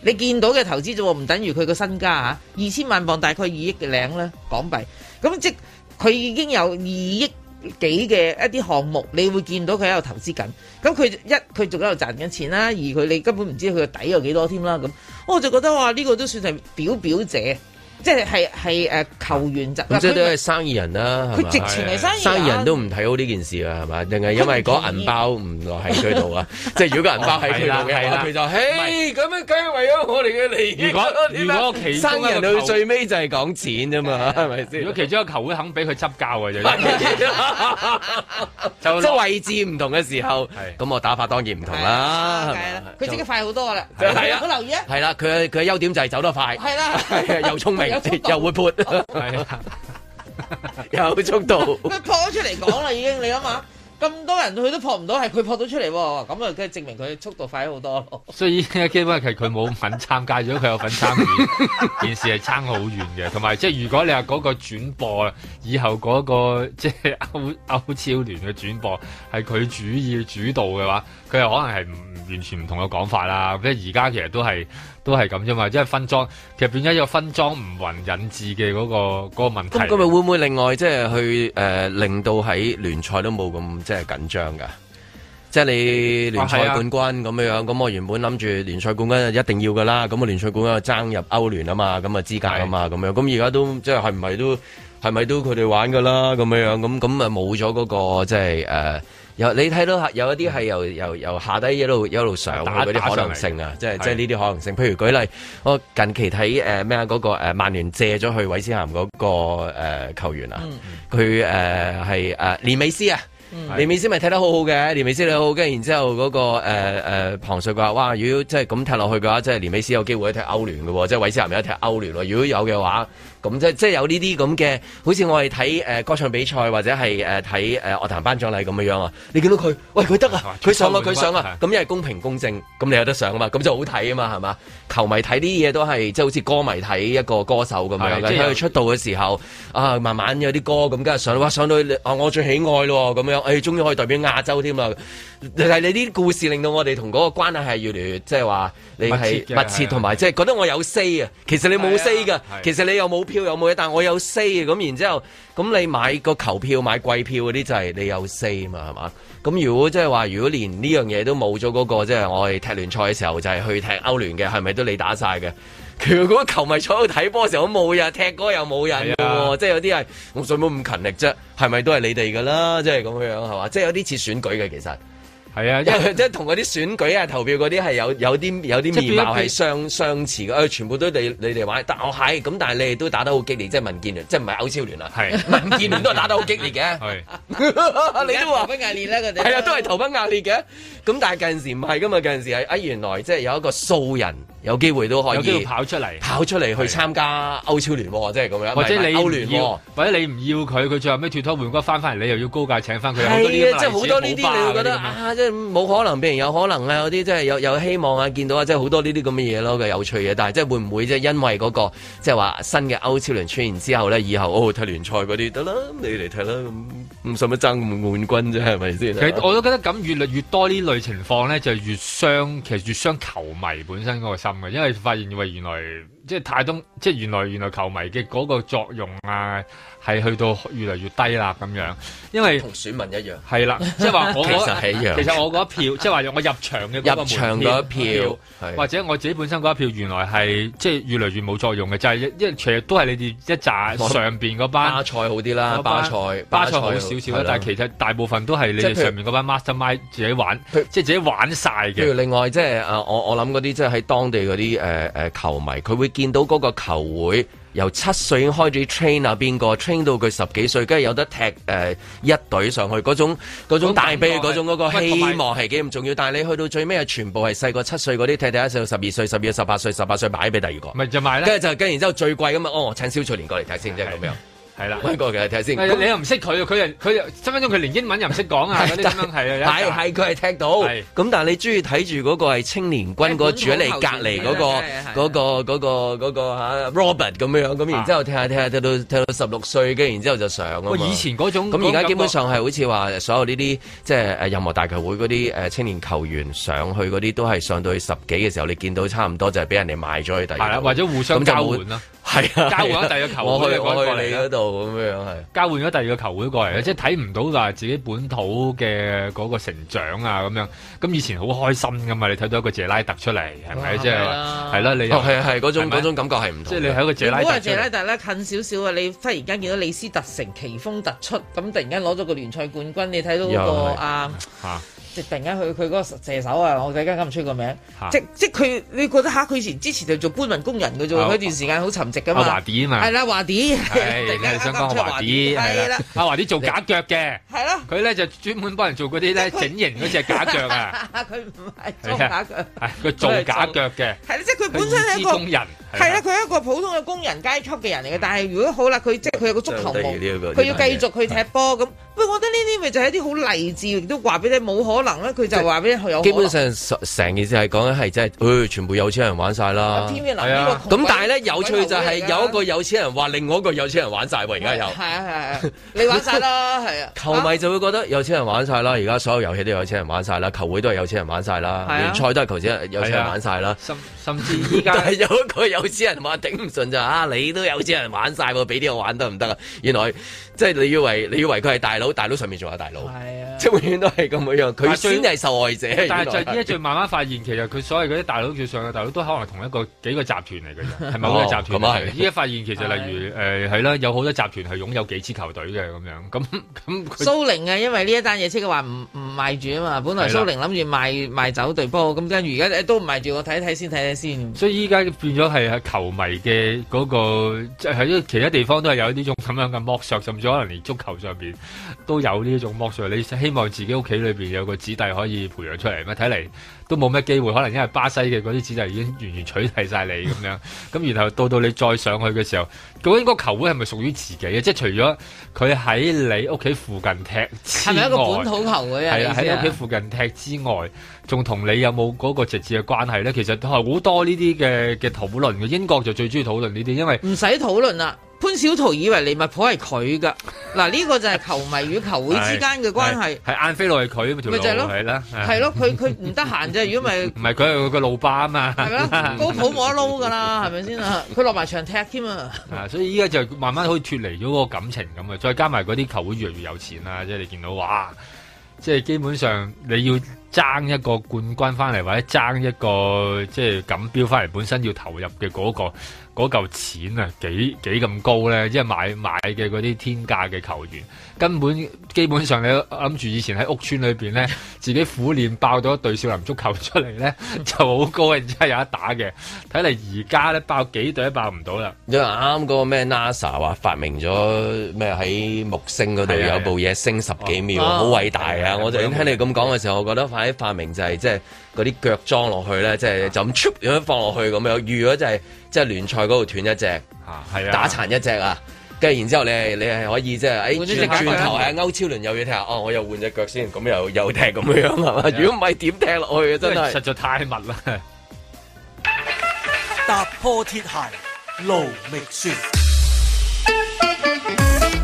你見到嘅投資啫，唔等於佢個身家嚇。二千萬磅大概二億嘅零啦港幣，咁即佢已經有二億幾嘅一啲項目，你會見到佢喺度投資緊。咁佢一佢仲喺度賺緊錢啦，而佢你根本唔知佢個底有幾多添啦。咁我就覺得話，呢個都算係表表者。即係係係誒球員就，咁即係都係生意人啦、啊，佢直情係生意人、啊，生意人都唔睇好呢件事啊，係嘛？定係因為個銀包唔落喺佢度啊？即係如果個銀包喺佢度嘅，佢就誒咁樣梗係為咗我哋嘅利益。如果其生意人都最尾就係講錢啫嘛，係咪先？如果其中一個球會肯俾佢執教嘅 就，是 就，即係位置唔同嘅時候，咁我打法當然唔同啦。佢自己快好多噶啦，係啊，好留意啊。係啦，佢佢嘅優點就係走得快，係啦，又聰明。有又會潑，係啊，有速度。佢撲咗出嚟講啦，已經你諗下，咁多人佢都撲唔到，係佢撲到出嚟喎。咁啊，即係證明佢速度快好多。 所以呢，基本上佢佢冇份參加咗，咗，佢有份參與，件事係差好遠嘅。同埋即係如果你話嗰個轉播，以後嗰個即係歐歐超聯嘅轉播係佢主要主導嘅話，佢又可能係完全唔同嘅講法啦。即係而家其實都係。都係咁啫嘛，即係分裝，其實變咗一個分裝唔勻引致嘅嗰、嗰個嗰、嗰個問題。咁咪會唔會另外即係去誒令到喺聯賽都冇咁即係緊張噶？即係你聯賽冠軍咁樣、嗯啊、樣，咁、啊、我原本諗住聯賽冠軍一定要噶啦，咁啊聯賽冠軍爭入歐聯啊嘛，咁啊資格啊嘛，咁樣，咁而家都即係係唔係都係咪都佢哋玩噶啦？咁樣樣，咁咁啊冇咗嗰個即係誒。呃你睇到有一啲係由由由，由下低一路一路上嘅嗰啲可能性啊，即係即係呢啲可能性。譬如舉例，我近期睇誒咩啊，嗰個誒曼聯借咗去韋斯咸嗰、那個誒、呃、球員啊，佢誒係誒連美斯啊，連美斯咪睇、嗯、得好好嘅，連美斯好好嘅。然之後嗰、那個誒誒龐帥話，哇，如果即係咁踢落去嘅話，即係連美斯有機會一踢歐聯嘅，即係韋斯咸一踢歐聯。如果有嘅話。咁即係即係有呢啲咁嘅，好似我哋睇誒歌唱比賽或者係誒睇誒樂壇頒獎禮咁嘅樣啊！你見到佢，喂佢得啊，佢上啊佢上啊！咁一係公平公正，咁你有得上啊嘛？咁就好睇啊嘛，係嘛？球迷睇啲嘢都係即係好似歌迷睇一個歌手咁樣嘅，喺佢、就是、出道嘅時候啊，慢慢有啲歌咁，跟住上哇，上到、啊、我最喜愛咯咁樣，誒、哎、終於可以代表亞洲添啊！但係你啲故事令到我哋同嗰個關係係越嚟越即係話你係密切同埋即係覺得我有 say 啊，其實你冇 say 噶，其實你又冇。票有冇嘢？但我有 C 嘅，咁然之後，咁你買個球票買貴票嗰啲就係你有 C a 嘛，係嘛？咁如果即係話，如果連呢樣嘢都冇咗嗰個，即係我哋踢聯賽嘅時候就係去踢歐聯嘅，係咪都你打晒嘅？如果球迷坐喺度睇波嘅時候都冇人，踢波又冇人，即係有啲係我最冇咁勤力啫，係咪都係你哋噶啦？即係咁樣樣，係嘛？即係有啲似選舉嘅其實。係啊，因為即係同嗰啲選舉啊、投票嗰啲係有有啲有啲面貌係相相似嘅。誒、哎、全部都你你哋玩，但係我係咁，但係你哋都打得好激烈，即係民建聯，即係唔係歐超聯啦，係民建聯都係打得好激烈嘅， 不 你都話崩壓裂啦，佢哋係啊，都係投崩壓裂嘅，咁但係近時唔係㗎嘛，近時係啊原來即係有一個素人。有機會都可以跑出嚟，跑出嚟去參加歐超聯喎，即係咁樣。或者你唔要歐聯，或者你唔要佢，佢最後咩脫胎換骨翻翻嚟，你又要高價請翻佢。係啊，即係好多呢啲你會覺得啊，即係冇可能，變成有可能啊，有啲即係有有希望啊，見到啊，即係好多呢啲咁嘅嘢咯，嘅有趣嘢。但係即係會唔會即係因為嗰個即係話新嘅歐超聯出現之後呢，以後哦踢聯賽嗰啲得啦，你嚟睇啦咁，唔使乜爭冠冠軍啫、啊，係咪先？我都覺得咁越嚟越多呢類情況呢，就越傷其實越傷球迷本身嗰個因為發現喂，原來即係太多，即係原來原來球迷嘅嗰個作用啊，係去到越嚟越低啦咁樣。因為同選民一樣，係啦， 即係話我其實係一樣。其實我嗰一票， 即係話我入場嘅入場嗰一票，一票，或者我自己本身嗰一票，原來係即係越嚟越冇作用嘅，就係一，因為其實都係你哋一紮上邊嗰班巴塞好啲啦，巴塞巴塞好少少啦，但係其實大部分都係你哋上邊嗰班 mastermind 自己玩，即係自己玩晒嘅。譬如另外即係啊，我我諗嗰啲即係喺當地嗰啲誒誒球迷，佢、呃、會。見到嗰個球會由七歲已經開始 train 啊，邊個 train 到佢十幾歲，跟住有得踢誒、呃、一隊上去，嗰種，種大嗰種帶俾嗰種希望係幾咁重要。但係你去到最尾係全部係細個七歲嗰啲踢，踢，第一歲、十二歲、十二十八歲、十八歲買俾第二個，咪就買啦。跟住就跟完之後最貴咁啊！哦，我請蕭翠蓮過嚟睇先，即係咁樣。係啦，揾過嘅睇下先。你又唔識佢，佢又佢又，分分鐘佢連英文又唔識講啊！咁樣係啊，係係佢係踢到。咁，但係你中意睇住嗰個係青年軍嗰住喺你隔籬嗰個嗰、嗰個嗰、嗰個嗰、嗰個吓、啊、Robert 咁樣樣，咁然之後聽下聽下，聽到聽到十六歲嘅，然之後就上,、啊、後就上以前嗰種咁，而家基本上係好似話所有呢啲即係任何大球會嗰啲，誒青年球員上去嗰啲都係上到去十幾嘅時候，你見到差唔多就係俾人哋賣咗去第二。係啦，或者互相交換。係啊，交換咗第二個球會過嚟，我去我去你嗰度咁樣係，交換咗第二個球會過嚟，即係睇唔到話自己本土嘅嗰個成長啊咁樣。咁以前好開心噶嘛，你睇到一個謝拉特出嚟，係咪即係係啦？你係啊係嗰種感覺係唔同，即係你喺一個謝拉特。你話謝拉特咧近少少啊，你忽然間見到李斯特城奇峰突出，咁突然間攞咗個聯賽冠軍，你睇到個啊。啊突然間佢佢嗰個射手啊，我突然間諗唔出個名字、啊。即即佢你覺得嚇佢以前之前就做搬運工人嘅啫喎，嗰、哦、段時間好沉寂嘅嘛。阿、啊啊、華啲啊嘛，啦，華啲， 係華啲啦，阿、啊、華啲做假腳嘅，係咯，佢咧就專門幫人做嗰啲咧整形嗰隻假腳啊。佢唔係做假腳，佢 做假腳嘅，係、嗯啊、即佢本身係一個 他工人，係啦，佢係一個普通嘅工人階級嘅人嚟嘅，但係如果好啦，佢即佢有個足球夢，佢要繼續去踢波咁。不過我覺得呢啲咪就係一啲好勵志，亦都話俾你冇可。可能佢就話俾佢有。基本上成件事係講緊係真係，誒、哎，全部有錢人玩晒啦。咁但係咧有趣就係有一個有錢人話，另外一個有錢人玩晒喎，而家又。係啊係啊， 你玩晒啦，係啊。球迷就會覺得有錢人玩晒啦、啊，而家所有遊戲都有錢人玩晒啦、啊，球會都係有錢人玩晒啦、啊，聯賽都係球會都有錢人玩晒啦、啊。甚至而家都係有一個有錢人話頂唔順就啊，你都有錢人玩晒喎、啊，俾啲我玩得唔得啊？原來即係、就是、你以為你以為佢係大佬，大佬上面仲有大佬，即永遠都係咁樣樣。最係受害者，但係就依家最慢慢發現， 其實佢所謂嗰啲大佬最上嘅大佬，都可能同一個幾個集團嚟嘅，係咪好多集團呢？咁啊係。依、嗯、家發現其實 例如誒係啦，有好多集團係擁有幾支球隊嘅咁樣，咁咁蘇寧啊，因為呢一單嘢先佢話唔唔賣住啊嘛，本來蘇寧諗住賣賣走隊波，咁跟住而家都唔賣住，我睇睇先睇睇先。所以依家變咗係球迷嘅嗰、那個，即係喺其他地方都係有呢種咁樣嘅剝削，甚至可能連足球上邊都有呢一種剝削。你希望自己屋企裏邊有個。子弟可以培養出嚟，咪睇嚟。都冇咩機會，可能因為巴西嘅嗰啲錢就已經完全取締晒你咁樣。咁 然後到到你再上去嘅時候，究竟個球會係咪屬於自己嘅？即係除咗佢喺你屋企附近踢，係咪一個本土球會樣係喺屋企附近踢之外，仲同、啊、你，你，你有冇嗰個直接嘅關係咧？其實好多呢啲嘅嘅討論嘅，英國就最中意討論呢啲，因為唔使討論啦。潘小濤以為利物浦係佢噶，嗱 呢個就係球迷與球會之間嘅關係。係晏飛落去佢咪就係、是、咯，係咯，佢佢唔得閒啫。 如果唔係佢係佢個老闆啊嘛，高普冇得撈噶啦，係咪先啊？佢落埋場踢添啊！所以依家就慢慢可以脫離咗個感情咁啊，再加埋嗰啲球會越嚟越有錢啦，即係你見到哇！即係基本上你要爭一個冠軍翻嚟或者爭一個即係錦標翻嚟，本身要投入嘅嗰、嗰個。嗰嚿錢啊，幾幾咁高咧？即係買買嘅嗰啲天價嘅球員，根本基本上你諗住以前喺屋村裏邊咧，自己苦練爆咗一隊少林足球出嚟咧，就好高嘅， 真係有得打嘅。睇嚟而家咧，爆幾隊都爆唔到啦。啱啱嗰個咩 NASA 話發明咗咩喺木星嗰度有一部嘢升十幾秒，好、啊啊、偉大啊！啊我就聽你咁講嘅時候、啊，我覺得快發明就係即係嗰啲腳裝落去咧，即係就咁 short 咁樣放落去咁樣，如果、啊、就係、是。即係聯賽嗰度斷一隻，啊，啊打殘一隻啊，跟住然之後你係你可以即係，哎轉，轉頭，歐超聯又要踢哦、啊、我又換隻腳先，咁又又踢咁樣係嘛、啊？如果唔係點踢落去啊？真係實在太密啦！ 踏破鐵鞋勞未説。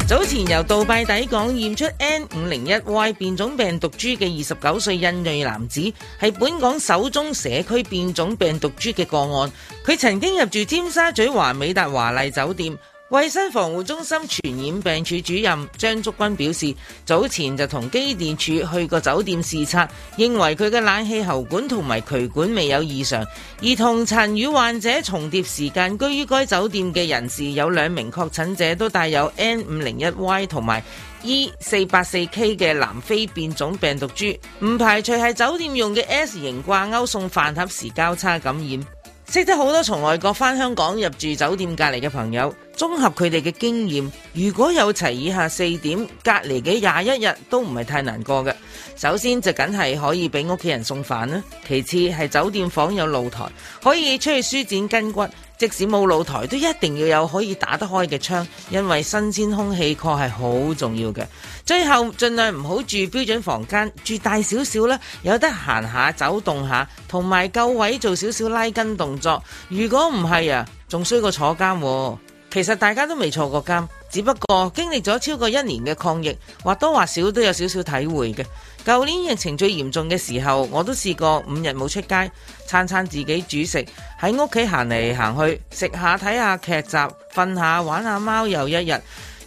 早前由杜拜抵港驗出 N 五零一 Y 變種病毒株嘅二十九歲印裔男子，係本港首宗社區變種病毒株嘅個案。佢曾經入住尖沙咀華美達華麗酒店。衛生防護中心傳染病處主任張竹君表示，早前就同機電署去過酒店視察，認為佢嘅冷氣喉管同埋渠管未有異常。而同陳與患者重疊時間居於該酒店嘅人士，有兩名確診者都帶有 N 五零一 Y 同埋 E 四八四 K 嘅南非變種病毒株，唔排除係酒店用嘅 S 型掛鈎送飯盒時交叉感染。識得好多從外國返香港入住酒店隔離嘅朋友，綜合佢哋嘅經驗，如果有齊以下四點，隔離嘅廿一日都唔係太難過嘅。首先就梗係可以俾屋企人送飯啦，其次係酒店房有露台，可以出去舒展筋骨。即使冇露台，都一定要有可以打得開嘅窗，因為新鮮空氣確係好重要嘅。最後盡量唔好住標準房間，住大少少啦，有得行下走動下，同埋夠位做少少拉筋動作。如果唔係啊，仲衰過坐監。其實大家都未坐過監，只不過經歷咗超過一年嘅抗疫，或多或少都有少少體會嘅。舊年疫情最嚴重嘅時候，我都試過五日冇出街，餐餐自己煮食，喺屋企行嚟行去，食下睇下劇集，瞓下玩下貓又一日。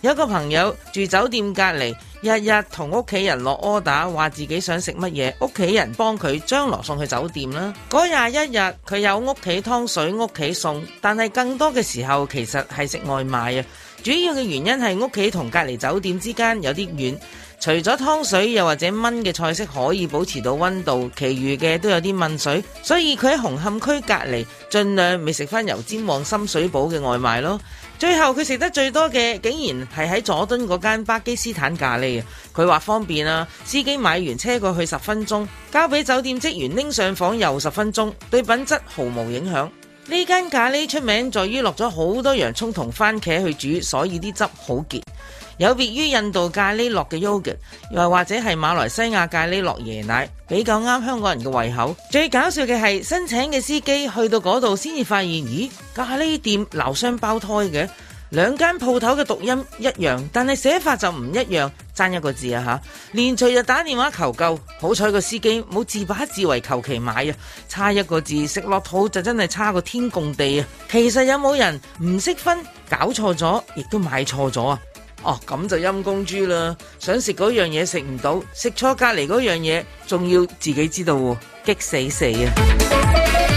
有個朋友住酒店隔離，日日同屋企人落 order，話自己想食乜嘢，屋企人幫佢將羅送去酒店啦。嗰廿一日，佢有屋企湯水屋企餸，但係更多嘅時候其實係食外賣啊。主要嘅原因係屋企同隔離酒店之間有啲遠，除咗湯水又或者炆嘅菜式可以保持到溫度，其餘嘅都有啲燜水，所以佢喺紅磡區隔離，盡量未食返油尖旺深水埗嘅外賣咯。最後佢食得最多嘅，竟然係喺佐敦嗰間巴基斯坦咖喱。佢話方便啦，司機買完車過去十分鐘，交俾酒店職員拎上房又十分鐘，對品質毫無影響。呢間咖喱出名在於落咗好多洋葱同番茄去煮，所以啲汁好杰。有別於印度咖喱落嘅 yogurt，又或者係馬來西亞咖喱落椰奶，比較啱香港人嘅胃口。最搞笑嘅係，新請嘅司機去到嗰度，先至發現，咦，咖喱店留雙胞胎嘅，兩間鋪頭嘅讀音一樣，但係寫法就唔一樣，爭一個字啊吓！連隨就打電話求救，好彩個司機冇自把自為求其買啊，差一個字食落肚就真係差個天共地啊！其實有冇人唔識分，搞錯咗亦都買錯咗啊！哦，咁就陰公豬啦！想食嗰樣嘢食唔到，食錯隔離嗰樣嘢，仲要自己知道喎，激死死啊！